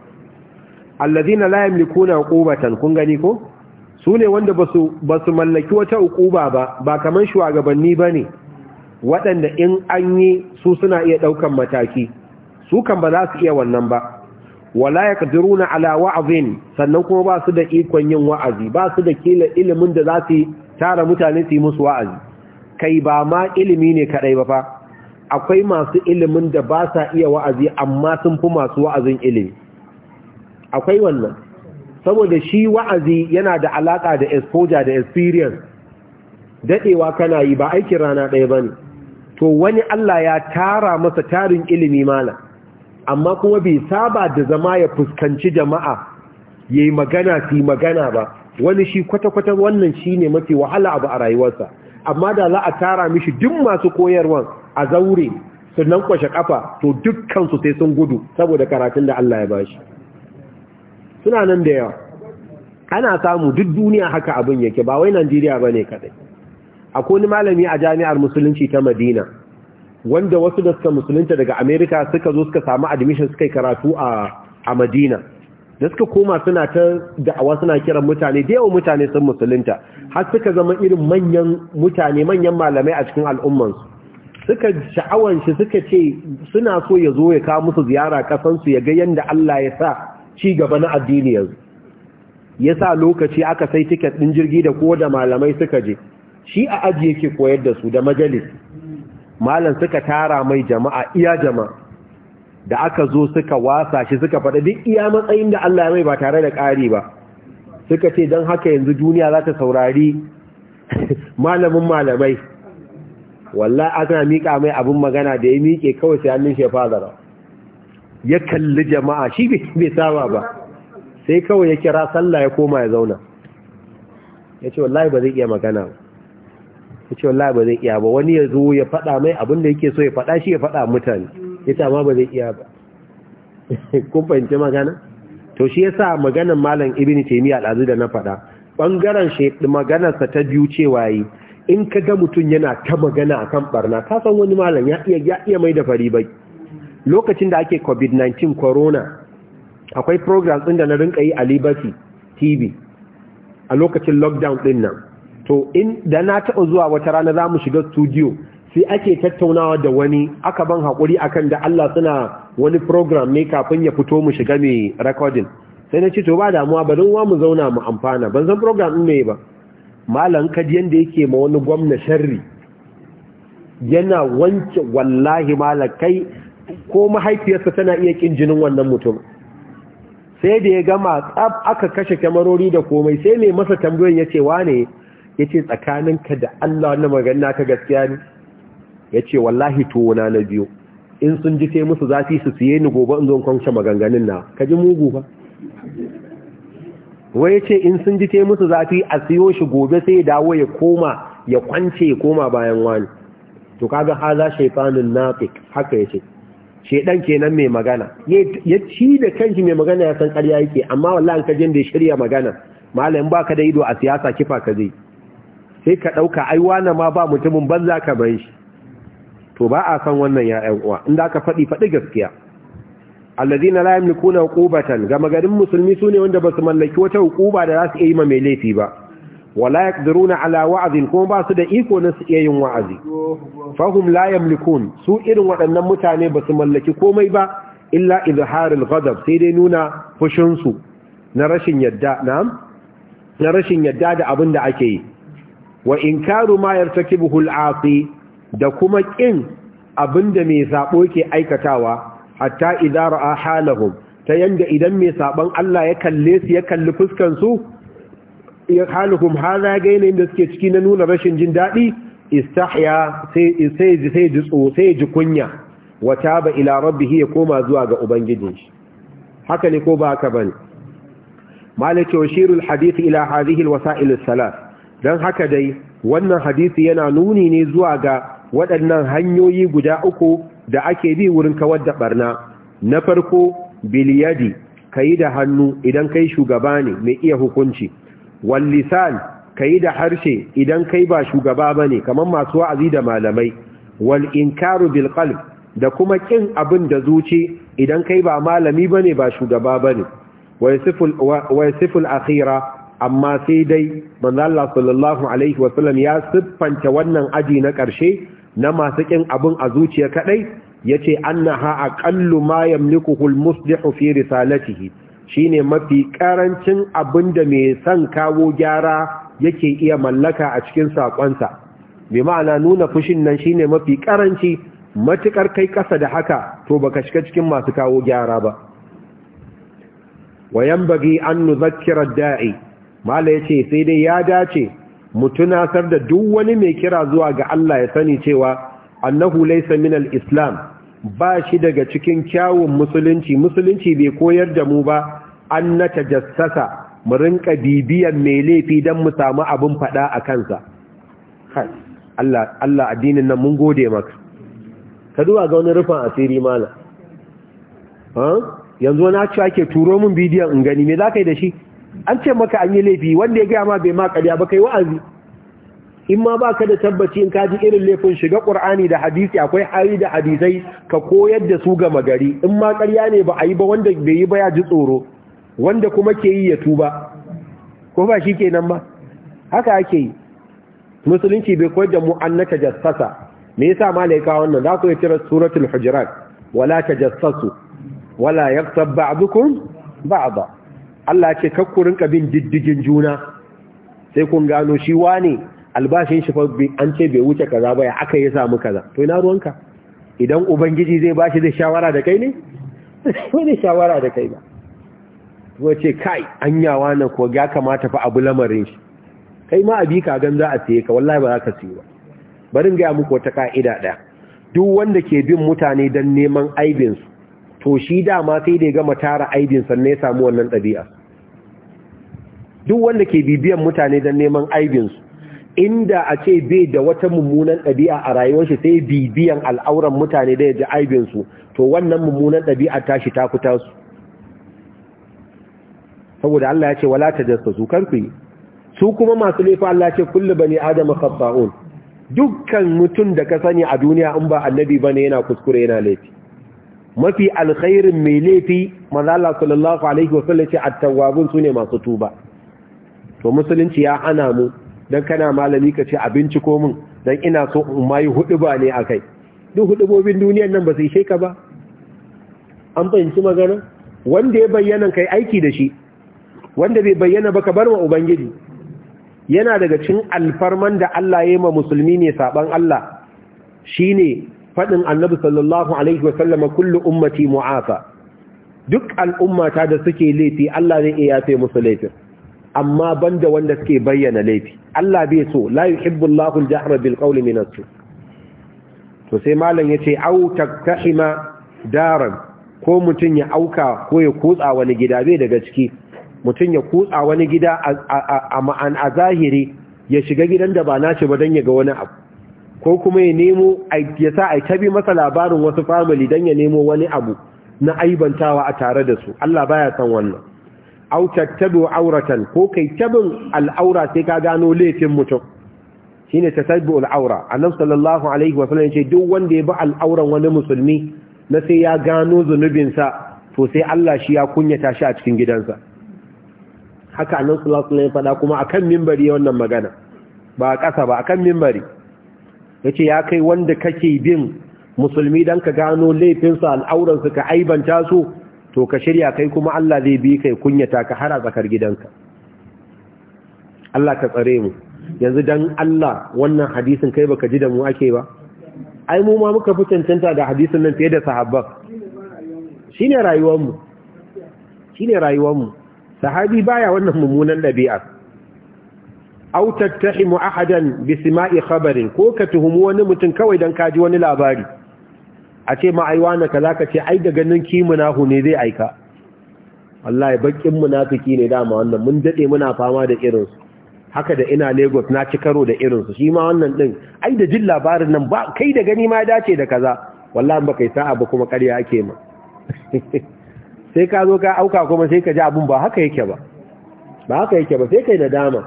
Speaker 1: allazina la yamlikuna qubatan kun gani ko su ne wanda ba su mallaki wata ukuba ba ba kamar shugabanni ba ne waɗanda in an yi su suna iya ɗaukan mataki su kan ba za su iya wannan ba wala ya na ala wa'azin sannan kuma ba su da ikon yin wa'azi ba su da kila ilimin da za su tara mutane su yi musu wa'azi kai ba ma ilimi ne kaɗai ba fa akwai masu ilimin da ba sa iya wa'azi amma sun fi masu wa'azin ilimi akwai wannan saboda shi wa'azi yana da alaƙa da exposure da experience daɗewa kana yi ba aikin rana ɗaya ba ne, to wani Allah ya tara masa tarin ilimi mala amma kuma bai saba da zama ya fuskanci jama'a ya yi magana fi magana ba wani shi kwata-kwata wannan shi ne mafi wahala abu a rayuwarsa amma da za a tara mishi duk masu koyarwan a zaure sannan kwashe ƙafa, to dukkan su sai sun gudu saboda karatun da Allah ya bashi suna nan da yawa ana samu duk duniya haka abin yake ba wai Najeriya ba ne kadai akwai ni malami a jami'ar musulunci ta Madina wanda wasu da suka musulunta daga Amerika suka zo suka samu admission suka yi karatu a a Madina da suka koma suna ta da'awa suna kiran mutane da yawan mutane sun musulunta har suka zama irin manyan mutane manyan malamai a cikin al'ummansu suka sha'awan shi suka ce suna so ya zo ya kawo musu ziyara kasansu ya ga yadda Allah ya sa ci gaba na addini yanzu ya sa lokaci aka sai tiket ɗin jirgi da ko da malamai suka je shi a aji yake koyar da su da majalis malam suka tara mai jama'a iya jama'a da aka zo suka wasa shi suka faɗa duk iya matsayin da Allah ya mai ba tare da ƙari ba suka ce don haka yanzu duniya za ta saurari malamin malamai walla aka miƙa mai abin magana da ya miƙe kawai sai hannun shefazara ya kalli jama'a shi bai saba ba sai kawai ya kira sallah ya koma ya zauna ya ce wallahi ba zai iya magana ba ya ce wallahi ba zai iya ba wani ya zo ya faɗa mai abin da yake so ya faɗa shi ya faɗa mutane ya ce amma ba zai iya ba kun fahimci magana to shi yasa maganan malam ibn taymiya al'azu da na faɗa bangaren shi maganarsa ta biyu cewa yi in ka ga mutum yana ta magana akan barna ka san wani malam ya iya ya iya mai da fari bai lokacin da ake covid-19 corona akwai program ɗin da na rinka yi a liberty tv a lokacin lockdown ɗin nan to in da na taɓa zuwa wata rana za mu shiga studio sai ake tattaunawa da wani aka ban haƙuri akan da Allah suna wani program ne kafin ya fito mu shiga mai recording sai na ce to ba damuwa ba don wa mu zauna mu amfana ban san program ɗin ne ba malam kaji yanda yake ma wani gwamna sharri yana wanke wallahi malakai ko mahaifiyarsa tana iya kin jinin wannan mutum sai da ya gama tsab aka kashe kyamarori da komai sai mai masa tambayoyin ya ce wane ya ce tsakaninka da Allah wannan magana ka gaskiya ne ya ce wallahi tona na biyu in sun ji sai musu zafi su siye ni gobe in zo kwanshe maganganun na ka ji mugu ba wai ya ce in sun ji sai musu zafi a siyo shi gobe sai ya dawo ya koma ya kwance ya koma bayan wani to kaga haza shaifanin nafik haka ya ce shedan kenan mai magana ya ci da kanki mai magana ya san ƙarya yake amma wallahi ka jin da ya shirya magana malamin baka da ido a siyasa kifa ka zai sai ka ɗauka aiwa wani ma ba mutumin banza ka bar shi to ba a san wannan ya ƴan uwa inda aka faɗi faɗi gaskiya alladhina la yamlikuna uqubatan ga magarin musulmi sune wanda basu mallaki wata hukuma da za su yi ma mai laifi ba wala yaqdiruna ala wa'azi kuma ba su da iko na su iya yin wa'azi Fahim layan likun. su irin waɗannan mutane ba su mallaki komai ba illa izharul gazab sai dai nuna fushinsu. na rashin yadda da abin da ake yi wa inkaru ma yartakibuhu al'asi da kuma kin abinda mai sabo ke aikatawa hatta idza a halahum ta yanda idan mai saɓon Allah ya kalle su ya kalli fuskan su haluhum ga yanayin da suke ciki na nuna rashin jin daɗi istahya sai ji sai ji tso sai ji kunya wa ba ila rabbih ya koma zuwa ga ubangijin shi haka ne ko ba haka bane malik yushirul hadith ila hadhihi alwasa'il althalath dan haka dai wannan hadisi yana nuni ne zuwa ga waɗannan hanyoyi guda uku da ake bi wurin kawar da barna na farko biliyadi kayi da hannu idan kai shugaba ne mai iya hukunci wallisan ka yi da harshe idan kai ba shugaba ba ne kamar masu wa'azi da malamai wal inkaru bil da kuma ƙin abin da zuci idan kai ba malami ba ne ba shugaba ba ne wa yasiful akhira amma sai dai manzo sallallahu alaihi wasallam ya siffanta wannan aji na ƙarshe na masu ƙin abin a zuciya kaɗai, yace annaha aqallu ma yamlikuhu al-muslihu fi risalatihi shine mafi karancin abin da mai son kawo gyara yake iya mallaka a cikin saƙonsa. Mai ma'ana nuna fushin nan shine mafi karanci matuƙar kai ƙasa da haka to baka shiga cikin masu kawo gyara ba wayan bagi an nuzakkira da'i mala yace sai dai ya dace mu da duk wani mai kira zuwa ga Allah ya sani cewa annahu laysa min islam ba shi daga cikin kyawun musulunci musulunci bai koyar da mu ba an na tajassasa mu rinka bibiyan mai laifi don mu samu abin fada a kansa Allah addinin nan mun gode maka ka duba ga wani rufin asiri mala yanzu wani ake ake turo min bidiyon in gani me za ka yi da shi an ce maka an yi laifi wanda ya gaya ma bai ma karya ba kai wa'azi in ma baka da tabbaci in kaji irin laifin shiga Qur'ani da hadisi akwai hari da hadisai ka koyar da su ga magari in ma ƙarya ne ba a yi ba wanda bai yi ba ya ji tsoro wanda kuma ke yi ya tuba ko ba shi kenan ba haka ake yi musulunci bai koyar da mu Annaka jassasa. me yasa malaika wannan za ku yi tira suratul hujurat wala tajassasu wala yaktab ba'dukum ba'da Allah ce kakkurin bin diddigin juna sai kun gano shi wane albashin shi an ce bai wuce kaza ba ya aka yi samu kaza to ina ruwanka idan ubangiji zai bashi da shawara da kai ne wani shawara da kai ba kuma ce kai an yawa na ko ya kamata fa abu lamarin shi kai ma abi ka gan za a tsaye ka wallahi ba za ka tsaye ba barin gaya muku wata ka'ida ɗaya duk wanda ke bin mutane don neman aibinsu to shi dama sai da gama tara aibin sannan ya samu wannan ɗabi'a duk wanda ke bibiyan mutane don neman aibinsu inda a ce bai da wata mummunan ɗabi'a a rayuwar shi sai bibiyan al'auran mutane da ya ji aibinsu to wannan mummunan ɗabi'a tashi ta kuta su saboda Allah ya ce wala ta jasta su karku yi su kuma masu laifa Allah ce kullu bani Adamu khata'un dukkan mutum da ka sani a duniya in ba annabi bane yana kuskure yana laifi mafi alkhairin mai laifi manzo Allah sallallahu alaihi wasallam ce at-tawwabun sune masu tuba to musulunci ya ana mu don kana malami ka ce abinci ko min don ina so in hudu ba ne a kai duk hudubobin duniyan nan ba su ishe ka ba an fahimci magana wanda ya bayyana kai aiki da shi wanda bai bayyana ba ka bar wa ubangiji yana daga cin alfarman da Allah ya yi ma musulmi ne saban Allah Shi ne faɗin annabi sallallahu alaihi wasallama kullu ummati mu'afa duk al'ummata da suke laifi Allah zai iya yafe musu laifin amma banda wanda suke bayyana laifi Allah bai so la yuhibbu Allahu al-jahra bil qawli min as to sai malam yace au taktahima daran ko mutun ya auka ko ya kutsa wani gida bai daga ciki mutun ya kutsa wani gida a ma'an a zahiri ya shiga gidan da ba nashi ba dan ya ga wani abu ko kuma ya nemo ya sa ai tabi masa labarin wasu family dan ya nemo wani abu na aibantawa a tare da su Allah baya san wannan au tattabu auratan ko kai tabin al'aura sai ka gano laifin mutum shine tatabbu al'aura annabi sallallahu alaihi wa sallam ce, duk wanda ya bi al'auran wani musulmi na sai ya gano zunubinsa to sai Allah shi ya kunyata shi a cikin gidansa haka annabi sallallahu alaihi wa sallam faɗa kuma akan minbari wannan magana ba a ƙasa ba akan minbari yace ya kai wanda kake bin musulmi dan ka gano laifinsa al'auransa ka aibanta su to ka shirya kai kuma Allah zai bi kai kunyata ka har a tsakar gidanka Allah ka tsare mu yanzu dan Allah wannan hadisin kai baka ji da mu ake ba ai mu ma muka fi da hadisin nan fiye da sahabba shine rayuwar mu shine rayuwar mu sahabi baya wannan mummunan dabi'a aw tattahimu ahadan bi khabarin ko ka tuhumu wani mutum kawai dan ji wani labari a ce ma aiwa na kaza ka ce ai da ganin kimunahu ne zai aika wallahi bakin munafiki ne dama wannan mun dade muna fama da irin su haka da ina Lagos na ci karo da irin su shi ma wannan din ai da jin labarin nan ba kai da gani ma dace da kaza wallahi ba kai sa'a ba kuma ƙarya ake ma sai ka zo ka auka kuma sai ka ji abun ba haka yake ba ba haka yake ba sai kai nadama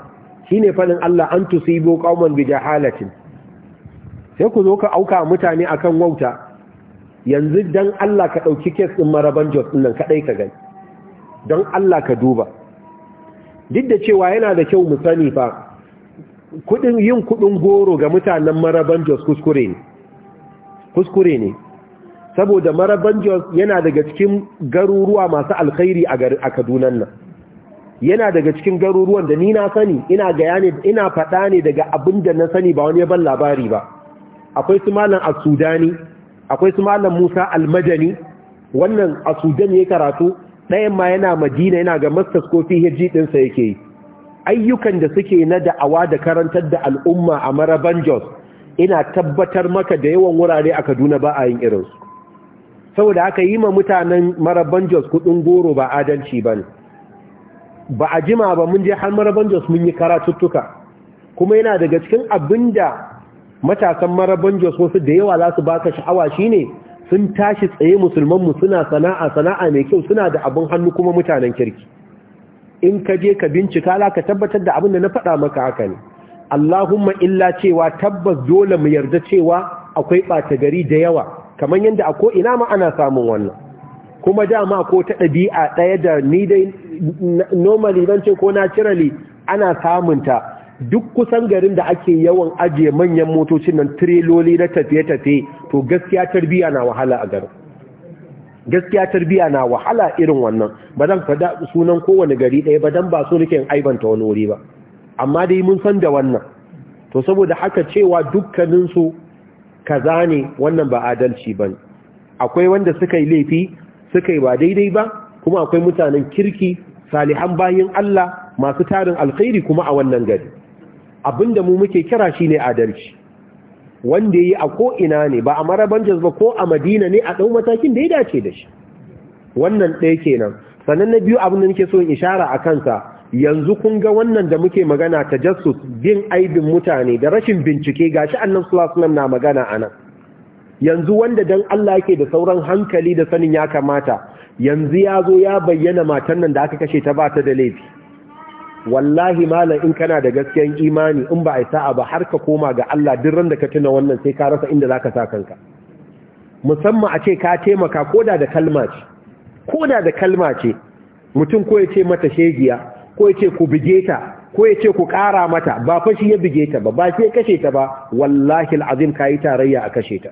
Speaker 1: shine fadin Allah an tusibu qauman bi jahalatin sai ku zo ka auka mutane akan wauta yanzu don Allah ka ɗauki kes ɗin maraban jos ɗin nan kaɗai ka gani don Allah ka duba duk da cewa yana da kyau mu sani fa kudin yin kudin goro ga mutanen maraban jos kuskure ne kuskure ne saboda maraban jos yana daga cikin garuruwa masu alkhairi a kadunan nan yana daga cikin garuruwan da ni na sani ina gaya ne ina faɗa ne daga abin da na sani ba wani ban labari ba akwai su malam a sudani akwai su malam Musa Almajani? wannan a Sudan ya karatu ɗayan ma yana Madina yana ga masters ko PhD din sa yake yi ayyukan da suke na da'awa da karantar da al'umma a Maraban Jos ina tabbatar maka da yawan wurare a Kaduna ba a yin irin su saboda haka yi ma mutanen Maraban Jos kudin goro ba adalci bane ba a jima ba mun je har Maraban Jos mun yi karatuttuka kuma yana daga cikin abinda matasan marabban jos wasu da yawa za su baka sha'awa shine sun tashi tsaye musulmanmu suna sana'a sana'a mai kyau suna da abin hannu kuma mutanen kirki in ka je ka bincika za ka tabbatar da abin da na faɗa maka haka ne Allahumma illa cewa tabbas dole mu yarda cewa akwai ɓata gari da yawa kamar yadda a ko'ina ma ana samun wannan kuma dama ko ta ɗabi'a ɗaya da ni dai normally zan ce ko naturally ana samun ta. duk kusan garin da ake yawan ajiye manyan motocin nan tireloli na tafiye-tafiye to gaskiya tarbiya na wahala a garin gaskiya tarbiya na wahala irin wannan ba zan fada sunan kowane gari ɗaya ba dan ba su nake aibanta wani wuri ba amma dai mun san da wannan to saboda haka cewa dukkaninsu kaza ne wannan ba adalci ba akwai wanda suka yi laifi suka yi ba daidai ba kuma akwai mutanen kirki salihan bayan Allah masu tarin alkhairi kuma a wannan gari abinda mu muke kira shine adalci wanda yi a ko ina ne ba a maraban ba ko a madina ne a ɗau matakin da ya dace da shi wannan ɗaya kenan sannan na biyu abin da nake so in ishara a kansa yanzu kun ga wannan da muke magana ta jassus bin aibin mutane da rashin bincike ga shi annan sulasunan na magana a nan yanzu wanda don Allah yake da sauran hankali da sanin ya kamata yanzu ya zo ya bayyana matan nan da aka kashe ta ba ta da laifi wallahi malam in kana da gaskiyar imani in ba a sa'a ba har ka koma ga Allah duk randa ka tuna wannan sai ka rasa inda zaka sa kanka musamman a ce ka taimaka koda da kalma ce koda da kalma ce mutum ko ya ce mata shegiya ko ya ce ku bige ta ko ya ce ku ƙara mata ba fa shi ya bige ta ba ba sai kashe ta ba wallahi alazim kai tarayya a kashe ta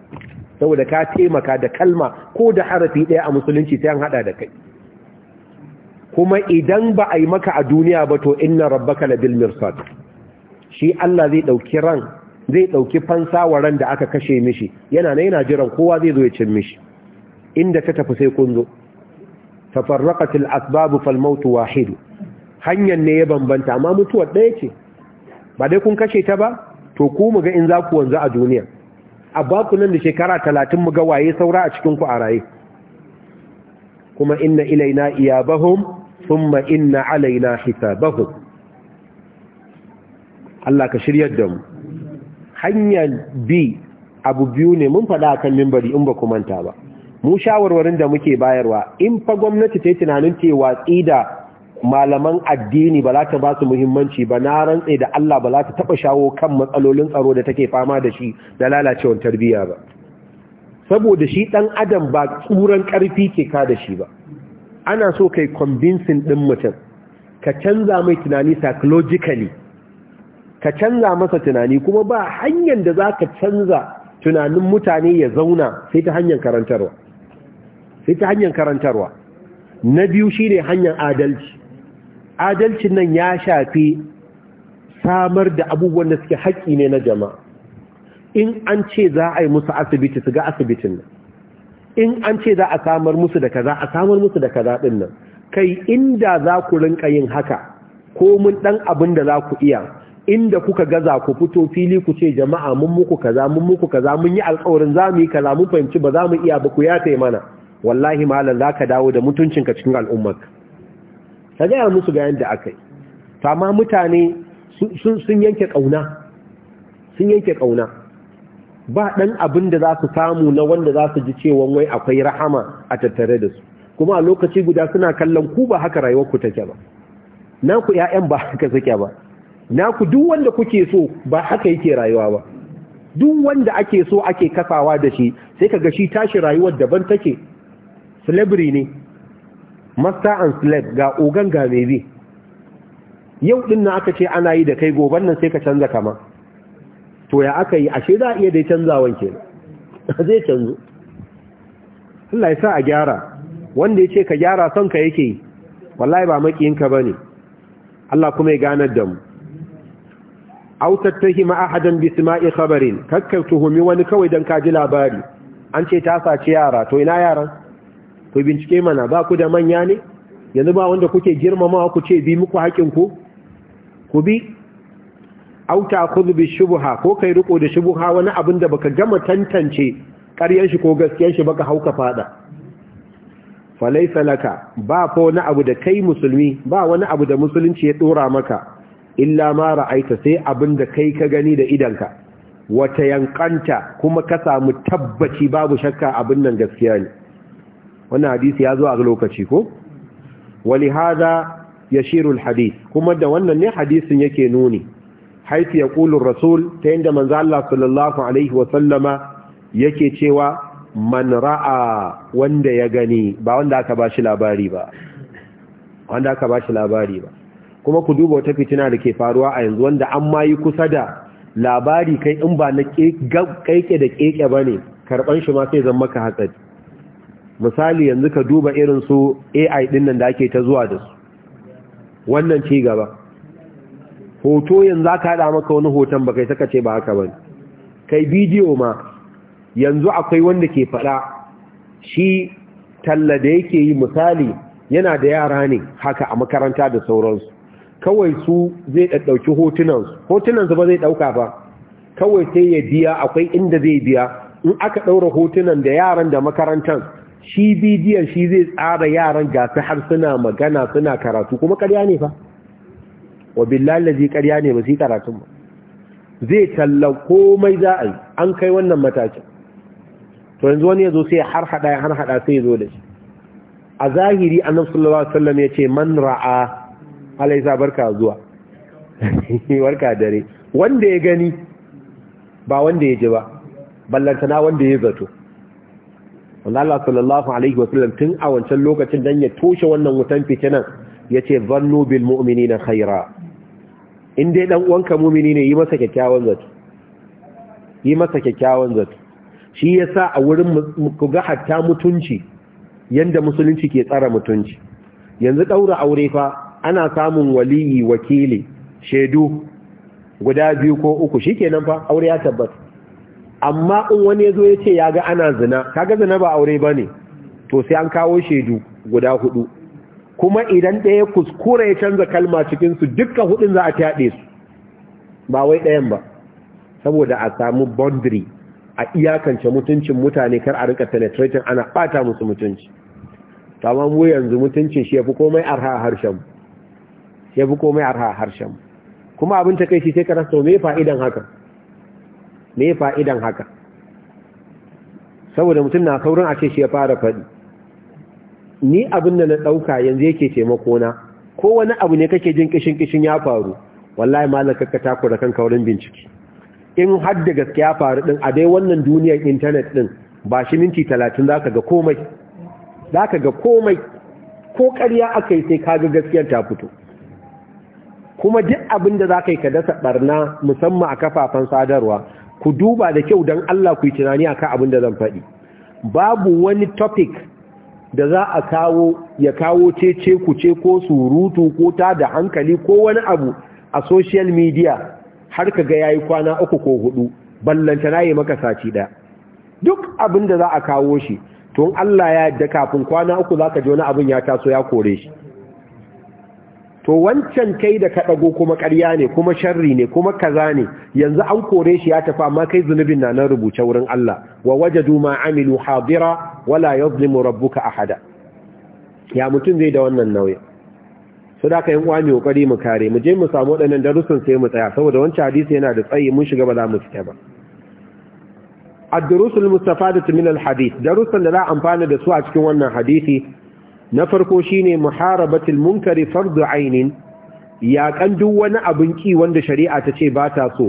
Speaker 1: saboda ka taimaka da kalma ko da harafi ɗaya a musulunci sai an hada da kai kuma idan ba a yi maka a duniya ba to inna rabbaka labil mirsad shi Allah zai dauki ran zai dauki fansa wa da aka kashe mishi yana ne yana jiran kowa zai zo ya cin mishi inda ta tafi sai kun zo tafarraqatil asbab fal maut wahid hanyar ne ya bambanta amma mutuwar ɗaya ce ba dai kun kashe ta ba to ku mu ga in za ku wanzu a duniya a baku nan da shekara talatin mu ga waye saura a cikin ku a raye kuma inna ilaina iyabahum thumma inna alaina hisabahum Allah ka shiryar da mu hanyar bi abu biyu ne mun faɗa kan mimbari in ba ku manta ba mu shawarwarin da muke bayarwa in fa gwamnati ta yi tunanin cewa tsida malaman addini ba za ta ba su muhimmanci ba na rantse da Allah ba za ta taɓa shawo kan matsalolin tsaro da take fama da shi da lalacewar tarbiyya ba saboda shi ɗan adam ba tsuran ƙarfi ke ka da shi ba ana so kai convincing din mutum ka canza mai tunani psychologically ka canza masa tunani kuma ba hanyar da za ka canza tunanin mutane ya zauna sai ta hanyar karantarwa sai ta hanyar karantarwa na biyu shi ne hanyar adalci adalcin nan ya shafi samar da abubuwan da suke haƙƙi ne na jama'a in an ce za a yi musu asibiti su ga asibitin nan in an ce za a samar musu da kaza a samar musu da kaza din nan kai inda za ku rinka yin haka ko mun dan abin da za ku iya inda kuka gaza ku fito fili ku ce jama'a mun muku kaza mun muku kaza mun yi alƙawarin za mu yi kaza mun fahimci ba za mu iya ba ku yafe mana wallahi malam za ka dawo da mutuncin ka cikin al'umma. ka gaya musu ga yadda aka yi amma mutane sun yanke ƙauna sun yanke ƙauna ba ɗan abin da za su samu na wanda za su ji cewa wai akwai rahama a tattare da su kuma a lokaci guda suna kallon ku ba haka rayuwarku take ba Na ku ƴaƴan ba haka suke ba na ku duk wanda kuke so ba haka yake rayuwa ba duk wanda ake so ake kasawa da shi sai ka shi tashi rayuwar daban take slavery ne master and slab ga ogan ga mebi yau din nan aka ce ana yi da kai goban nan sai ka canza kama to ya aka yi ashe za a iya dai canzawan ke zai canzu. Allah ya sa a gyara wanda ya ce ka gyara son ka yake wallahi ba makiyinka ba ne Allah kuma ya ganar da mu aw ma ahadan bi sima'i khabarin kakkar tuhumi wani kawai dan kaji labari an ce ta saci yara to ina yaran to bincike mana ba ku da manya ne yanzu ba wanda kuke girmamawa ku ce bi muku hakkin ku ku bi auta kudu shubuha ko kai riko da shubuha wani abin da baka gama tantance ƙaryan shi ko gaskiyar shi baka hauka fada falaisa laka ba fa wani abu da kai musulmi ba wani abu da musulunci ya dora maka illa ma ra'aita sai abin da kai ka gani da idanka wata yankanta kuma ka samu tabbaci babu shakka abin nan gaskiya ne wannan hadisi ya zo a lokaci ko wali hada yashirul hadith kuma da wannan ne hadisin yake nuni haifu ya kulun rasul ta yadda manzo Allah sallallahu alaihi wasallama yake cewa man ra'a wanda ya gani ba wanda aka ba shi labari ba wanda aka ba shi labari ba kuma ku duba wata fitina da ke faruwa a yanzu wanda an ma yi kusa da labari kai in ba na kaike da ƙeƙe ba ne karɓan shi ma sai zan maka hatsari misali yanzu ka duba irin su ai ɗin nan da ake ta zuwa da su wannan ci gaba hoto yanzu aka haɗa maka wani hoton ba kai saka ce ba haka ba kai bidiyo ma yanzu akwai wanda ke faɗa shi talla da yake yi misali yana da yara ne haka a makaranta da sauransu kawai su zai ɗauki hotunansu hotunansu ba zai ɗauka ba kawai sai ya biya akwai inda zai biya in aka ɗaura hotunan da yaran da makarantar shi bidiyon shi zai tsara yaran su har suna magana suna karatu kuma karya ne fa wa billahi lazi ƙarya ne ba su yi karatun ba zai talla komai za a yi an kai wannan matakin to yanzu wani ya zo sai har hada ya har hada sai ya zo da shi a zahiri annab sallallahu alaihi wasallam ya ce man ra'a alaisa barka zuwa barka dare wanda ya gani ba wanda ya ji ba ballantana wanda ya zato Allah sallallahu alaihi wasallam tun a wancan lokacin dan ya toshe wannan wutan fitinan Ya yace zannu bil na khaira in dai dan uwanka mu'mini ne yi masa kyakkyawan zato yi masa kyakkyawan zato shi yasa a wurin ku ga hatta mutunci yadda musulunci ke tsara mutunci yanzu ɗaura aure fa ana samun waliyi wakili shaidu guda biyu ko uku shi nan fa aure ya tabbata amma in wani ya zo ya ce ya ga ana zina ka kaga zina ba aure ba ne, to sai an kawo shaidu guda hudu kuma idan ɗaya kuskura, ya canza kalma cikinsu dukkan hudun za a fyaɗe su ba wai ɗayan ba saboda a samu boundary a iyakance mutuncin mutane kar a rika penetrating ana ɓata musu mutunci tamam mu yanzu mutuncin shi yafi komai arha harshen shi yafi komai arha harshen kuma abin ta kai shi sai ka rasa me fa'idan haka me fa'idan haka saboda mutum na saurin a ce shi ya fara faɗi ni abin da na ɗauka yanzu yake taimako na ko wani abu ne kake jin kishin kishin ya faru wallahi malaka ka da kanka wurin bincike in har da gaske ya faru ɗin a dai wannan duniyar intanet ɗin, ba shi minti talatin za ka ga komai za ka ga komai ko ƙarya aka yi sai ka ga gaskiyar ta fito kuma duk abin da za ka yi ka dasa ɓarna musamman a kafafen sadarwa ku duba da kyau don Allah ku yi tunani a kan abin da zan faɗi babu wani topic da za a kawo ya kawo cece kuce ko surutu ko ta da hankali ko wani abu a social media har ka ga yayi kwana uku ko hudu ballanta na maka sati ɗaya duk abin da za a kawo shi to Allah ya yadda kafin kwana uku zaka ji wani abin ya taso ya kore shi to wancan kai da ka ɗago kuma ƙarya ne kuma sharri ne kuma kaza ne yanzu an kore shi ya tafi amma kai zunubin na nan rubuce wurin Allah wa wajadu ma amilu hadira wala yuzlimu rabbuka ahada ya mutum zai da wannan nauyi so da ka yin uwa mai kokari mu kare mu je mu samu waɗannan darussan sai mu tsaya saboda wancan hadisi yana da tsayi mun shiga ba za mu fita ba ad-durusul mustafadatu min al-hadith darussan da za a amfana da su a cikin wannan hadisi na farko shine muharabatul munkari fardu ainin yaƙan duk wani abin ki wanda shari'a ta ce ba ta so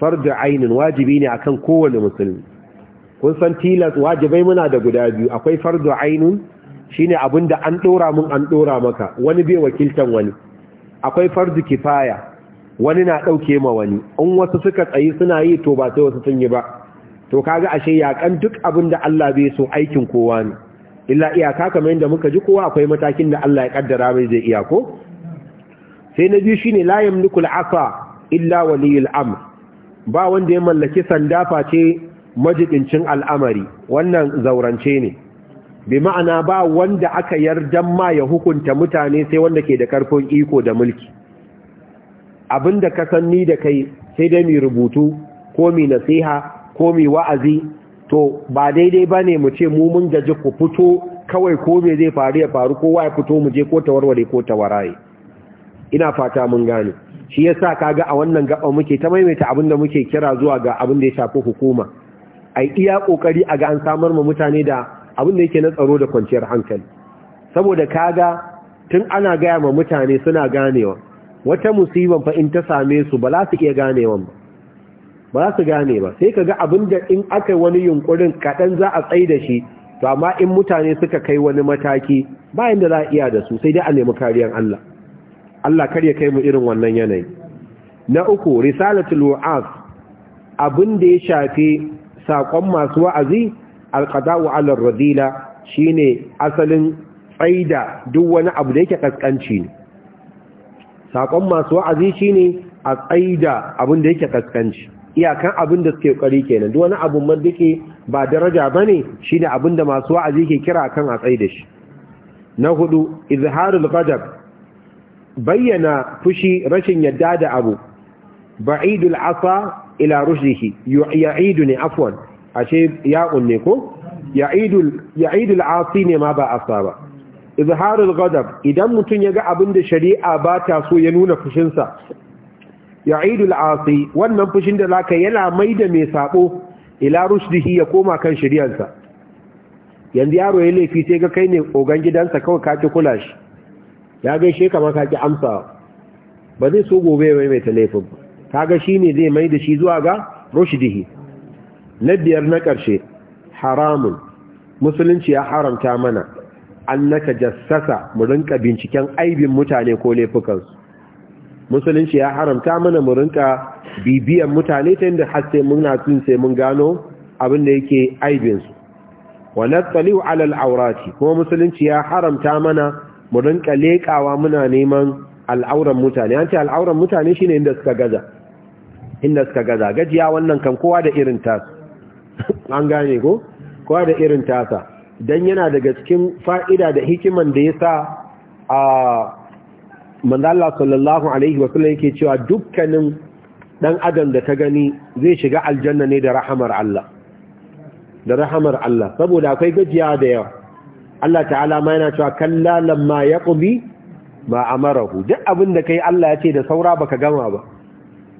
Speaker 1: fardu ainin wajibi ne akan kowane musulmi kun san tilas wajibai muna da guda biyu akwai fardu ainun shine abin da an dora mun an dora maka wani bai wakiltan wani akwai fardu kifaya wani na dauke ma wani in wasu suka tsayi suna yi to ba sai wasu sun yi ba to kaga ashe yaƙan duk abin da Allah bai so aikin kowa ne illa iyaka kamar yadda muka ji kowa akwai matakin da Allah ya kaddara mai zai iya sai na biyu shine la yamliku al illa waliyul amr ba wanda ya mallaki sanda face majidincin al'amari wannan zaurance ne bi ma'ana ba wanda aka yardan ma ya hukunta mutane sai wanda ke da karfin iko da mulki abinda ka sanni da kai sai dai mai rubutu ko mai nasiha ko mai wa'azi to ba daidai ba ne mu ce mu mun gaji ku fito kawai ko me zai faru ya faru kowa ya fito mu je ko ta warware ko ta waraye ina fata mun gane shi yasa kaga a wannan gaba muke ta maimaita abin da muke kira zuwa ga abin da ya shafi hukuma ai iya kokari a ga an samar ma mutane da abin da yake na tsaro da kwanciyar hankali saboda kaga tun ana gaya ma mutane suna ganewa wata musiban fa in ta same su ba za su iya ganewa ba ba su gane ba sai ka ga abin da in aka wani yunkurin kaɗan za a tsaye da shi to amma in mutane suka kai wani mataki bayan da za a iya da su sai dai a nemi kariyar Allah Allah kar ya kai mu irin wannan yanayi na uku risalatul wa'az abin da ya shafi sakon masu wa'azi alqada'u 'ala ar-radila shine asalin tsaida duk wani abu da yake kaskanci sakon masu wa'azi shine a tsaida abin da yake kaskanci iyakan abin da suke kari kenan duk wani abun man dake ba daraja bane shine abin da masu wa'azi ke kira kan a tsaye da shi na hudu izharul ghadab bayyana fushi rashin yadda da abu ba'idul asa ila rushdihi yu'idu ne afwan ashe ya kunne ko ya'idul ya'idul asi ne ma ba asa ba izharul ghadab idan mutun yaga abin da shari'a ba ta so ya nuna fushinsa ya'idu al'asi wannan fushin da zaka yana mai da mai sabo ila rushdihi ya koma kan shiryansa yanzu yaro ya laifi sai ga kai ne ogan gidansa kawai ka kula shi ya gaishe kamar ka ki amsa ba zai so gobe ya maimaita laifin ba kaga shine zai mai da shi zuwa ga rushdihi na biyar na karshe haramun musulunci ya haramta mana an naka jassasa mu rinka binciken aibin mutane ko laifukansu musulunci ya haramta mana mu rinka bibiyan mutane ta yadda har sai muna tun sai mun gano abin da yake aibin su wa nattaliu ala al-awrati kuma musulunci ya haramta mana mu rinka leƙawa muna neman al'auran mutane an ce al'auran mutane shine inda suka gaza inda suka gaza gajiya wannan kan kowa da irin tasa an gane ko kowa da irin tasa dan yana daga cikin fa'ida da hikiman da yasa a ah, manzo Allah sallallahu alaihi wa sallam yake cewa dukkanin dan adam da ta gani zai shiga aljanna ne da rahamar Allah da rahamar Allah saboda akwai gajiya da yawa Allah ta'ala ma yana cewa kalla lamma yaqbi ma amarahu duk abin da kai Allah ya ce da saura baka gama ba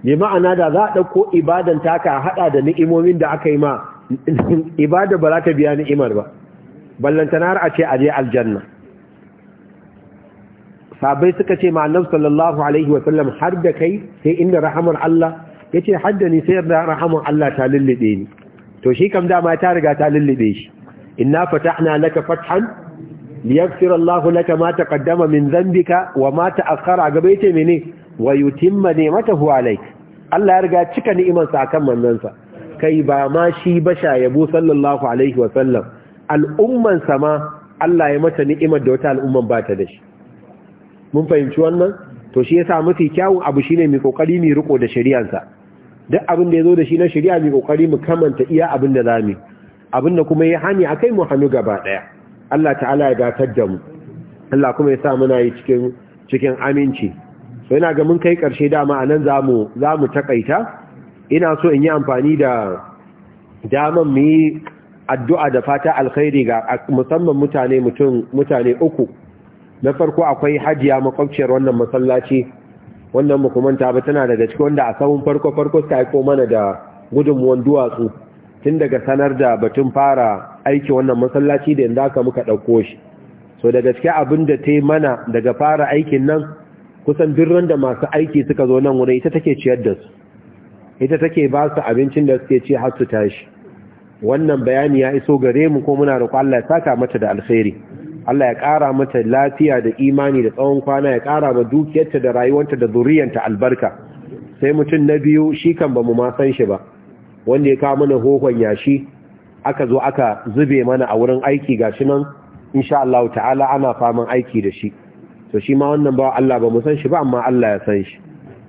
Speaker 1: me ma'ana da za a ko ibadan taka hada da ni'imomin da aka yi ma ibada ba za ta biya ni'imar ba ballantana har a ce a je aljanna sabai suka ce ma annabi sallallahu alaihi wa sallam har da kai sai inda rahamar Allah yace har da ni sai da rahamar Allah ta lullube ni to shi kam dama ta riga ta lullube shi inna fatahna laka fathan liyaghfira Allah laka ma taqaddama min dhanbika wa ma ta'akhkhara gaba yace mene wa yutimma ni'matahu alayk Allah ya riga cika ni'imar sa kan sa kai ba ma shi basha yabo sallallahu alaihi wa sallam al'umman sama Allah ya mata ni'imar da wata al'umman ba ta da shi mun fahimci wannan to shi yasa mafi kyawun abu shine mai kokari mai riko da shari'ansa duk abin da yazo da shi na shari'a mai kokari mu kamanta iya abin da zamu abin da kuma ya hani akai mu hannu gaba daya Allah ta'ala ya gatar da mu Allah kuma ya sa muna yi cikin cikin aminci so ina ga mun kai karshe dama anan zamu zamu takaita ina so in yi amfani da daman mu yi addu'a da fata alkhairi ga musamman mutane mutum mutane uku na farko akwai hajiya makwabciyar wannan masallaci wannan mukumanta ba tana daga cikin wanda a samun farko farko suka aiko mana da gudunmuwan duwatsu tun daga sanar da batun fara aiki wannan masallaci da yanzu aka muka ɗauko shi so daga cikin abin da ta mana daga fara aikin nan kusan birnin da masu aiki suka zo nan wurin ita take ciyar da su ita take ba su abincin da suke ci har su tashi wannan bayani ya iso gare mu ko muna roƙon Allah ya saka mata da alkhairi Allah ya ƙara mata lafiya da imani da tsawon kwana ya ƙara ma dukiyarta da rayuwarta da zuriyarta albarka sai mutum na biyu shi kan ba mu ma san shi ba wanda ya kawo mana hohon yashi aka zo aka zube mana a wurin aiki ga shi nan insha Allah ta'ala ana faman aiki da shi to shi ma wannan ba Allah ba mu san shi ba amma Allah ya san shi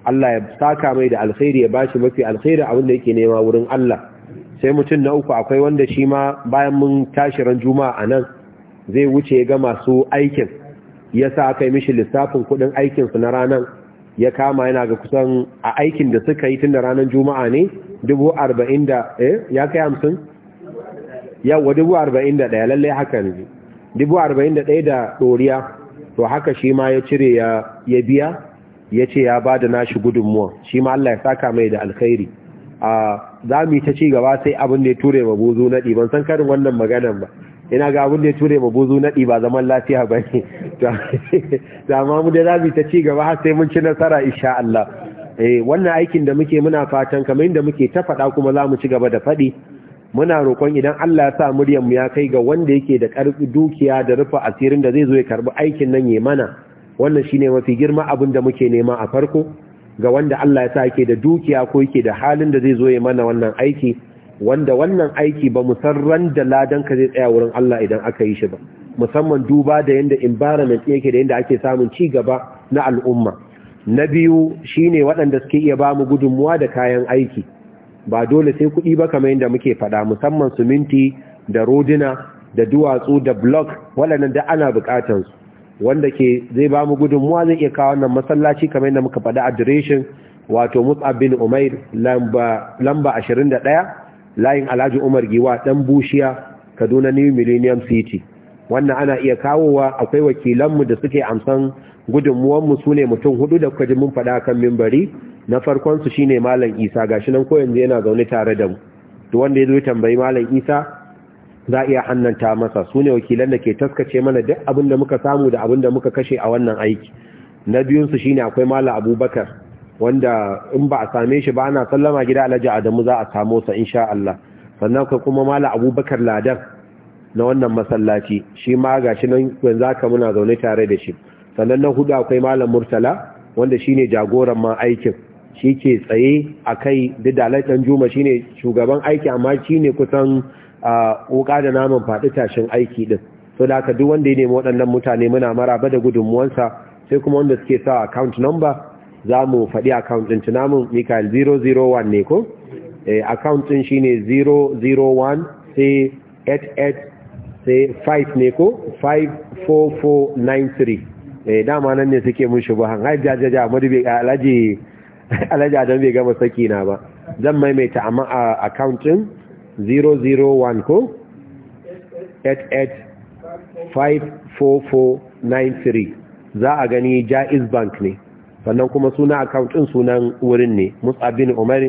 Speaker 1: Allah ya saka mai da alkhairi ya bashi mafi alkhairi abin da yake nema wurin Allah sai mutum na uku akwai wanda shi ma bayan mun tashi ran juma'a nan. zai wuce ga masu aikin ya sa aka yi mishi lissafin kudin aikinsu na ranar ya kama yana ga kusan a aikin da suka yi tun da ranar juma'a ne dubu arba'in da eh, ya kai hamsin dubu arba'in da ɗaya lallai haka ne dubu arba'in da ɗaya da ɗoriya to haka shi ma ya cire ya biya ya ce ya ba da nashi gudunmuwa shi ma Allah ya saka mai da alkhairi a za mu yi ta ci gaba sai abin da ya ture mabuzu naɗi ban san karin wannan maganan ba ina ga abin da ya ture ma buzu naɗi ba zaman lafiya ba ne da amma mu da zabi ta ci gaba har sai mun ci nasara insha Allah eh wannan aikin da muke muna fatan kamar inda muke ta faɗa kuma za mu ci gaba da faɗi muna roƙon idan Allah ya sa muryar mu ya kai ga wanda yake da ƙarfi dukiya da rufe asirin da zai zo ya karbi aikin nan ya mana wannan shine mafi girma abin da muke nema a farko ga wanda Allah ya sa yake da dukiya ko yake da halin da zai zo ya mana wannan aiki wanda wannan aiki ba musarran da ladan ka zai tsaya wurin Allah idan aka yi shi ba musamman duba da yanda environment yake da yanda ake samun ci gaba na al'umma na biyu shine waɗanda suke iya ba mu gudunmuwa da kayan aiki ba dole sai kuɗi ba kamar yanda muke faɗa musamman suminti da rodina da duwatsu da block waɗannan da ana su wanda ke zai ba mu gudunmuwa zai iya kawo wannan masallaci kamar yanda muka faɗa adireshin wato mus'ab bin umair lamba lamba ɗaya. layin alhaji umar giwa dan bushiya kaduna new millennium city wannan ana iya kawowa akwai wakilanmu da suke amsan gudunmuwanmu su ne mutum hudu da kwaji mun faɗa kan mimbari na farkonsu shi ne malam isa gashi nan ko yanzu yana zaune tare da mu to wanda ya zo tambayi malam isa za a iya hannanta masa su ne wakilan da ke taskace mana duk abin da muka samu da abin da muka kashe a wannan aiki na biyunsu shi ne akwai malam abubakar wanda in ba a same shi ba ana sallama gida alhaji adamu za a samu sa insha Allah sannan ka kuma mala abubakar ladan na wannan masallaci shi ma shi nan yanzu muna zaune tare da shi sannan na hudu akwai malam murtala wanda shine jagoran ma aikin shi ke tsaye a kai da ɗan juma shi shugaban aiki amma shi ne kusan wuka da naman faɗi tashin aiki din. to da aka duk wanda ya nemi waɗannan mutane muna maraba da gudunmuwansa sai kuma wanda suke sa account number za mu faɗi account ɗin tunamun mikael 001 ne ko eh, account ɗin shi ne 001 sai 88 sai 5 ne ko 54493 eh, dama nan ne suke mun shubuhan har jajaja alhaji adam bai gama saki na ba zan maimaita amma a accountin 001 ko 88 54493 za a gani jaiz bank ne sannan kuma suna account din sunan wurin ne Musa bin Umar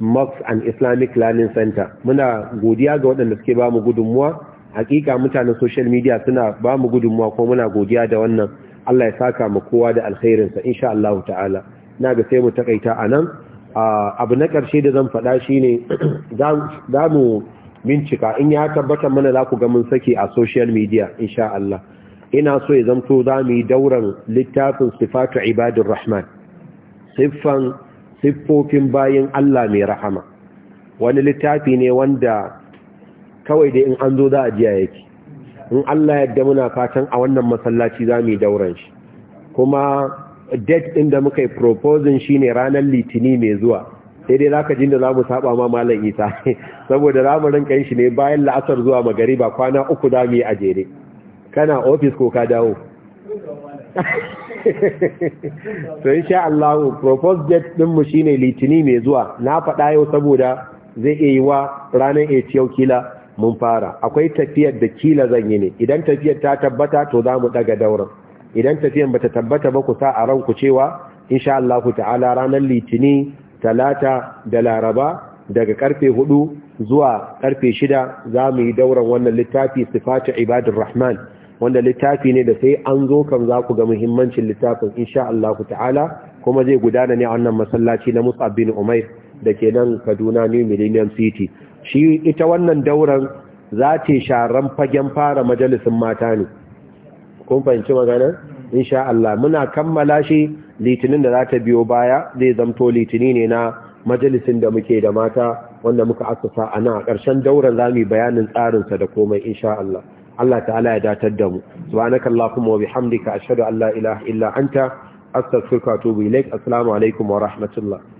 Speaker 1: Mosque and Islamic Learning Center muna godiya ga waɗanda suke ba mu gudunmuwa hakika mutanen social media suna ba mu gudunmuwa ko muna godiya da wannan Allah ya saka mu kowa da sa insha Allah ta'ala na ga sai mu takaita anan abu na karshe da zan faɗa shine za mu bincika in ya tabbata mana za ku ga mun saki a social media insha Allah ina so ya zamto za mu yi dauran littafin sifatu ibadin rahman siffan siffofin bayan Allah mai rahama wani littafi ne wanda kawai da in an zo za a jiya yake in Allah yadda muna fatan a wannan masallaci za mu yi dauran shi kuma date ɗin da muka yi proposing shi ne ranar litini mai zuwa sai dai za ka jin da za mu saba ma malam isa saboda za mu rinka yin shi ne bayan la'asar zuwa magariba kwana uku za mu yi a jere kana ofis ko ka dawo to insha Allah proposed date din mu shine litini mai zuwa na faɗa yau saboda zai iya yi wa ranar yau kila mun fara akwai tafiyar da kila zan yi ne idan tafiyar ta tabbata to za mu daga dauran idan tafiyar bata tabbata ba ku sa a ranku cewa insha Allah ta'ala ranar litini talata da laraba daga karfe hudu zuwa karfe shida za mu yi dauran wannan littafi sifatu ibadur rahman wanda littafi ne da sai an zo kan za ku ga muhimmancin littafin insha Allah ta'ala kuma zai gudana ne a wannan masallaci na Musa bin Umair da ke nan Kaduna New Millennium City shi ita wannan dauran za ta sharan fagen fara majalisin mata ne kun fahimci magana insha Allah muna kammala shi litinin da za ta biyo baya zai zamto litini ne na majalisin da muke da mata wanda muka asusa a nan a ƙarshen dauran za mu yi bayanin tsarinsa da komai insha Allah Allah ta'ala ya datar da mu subhanakallahumma wa bihamdika ashhadu an la ilaha illa anta astaghfiruka wa atubu ilaik assalamu alaikum wa rahmatullah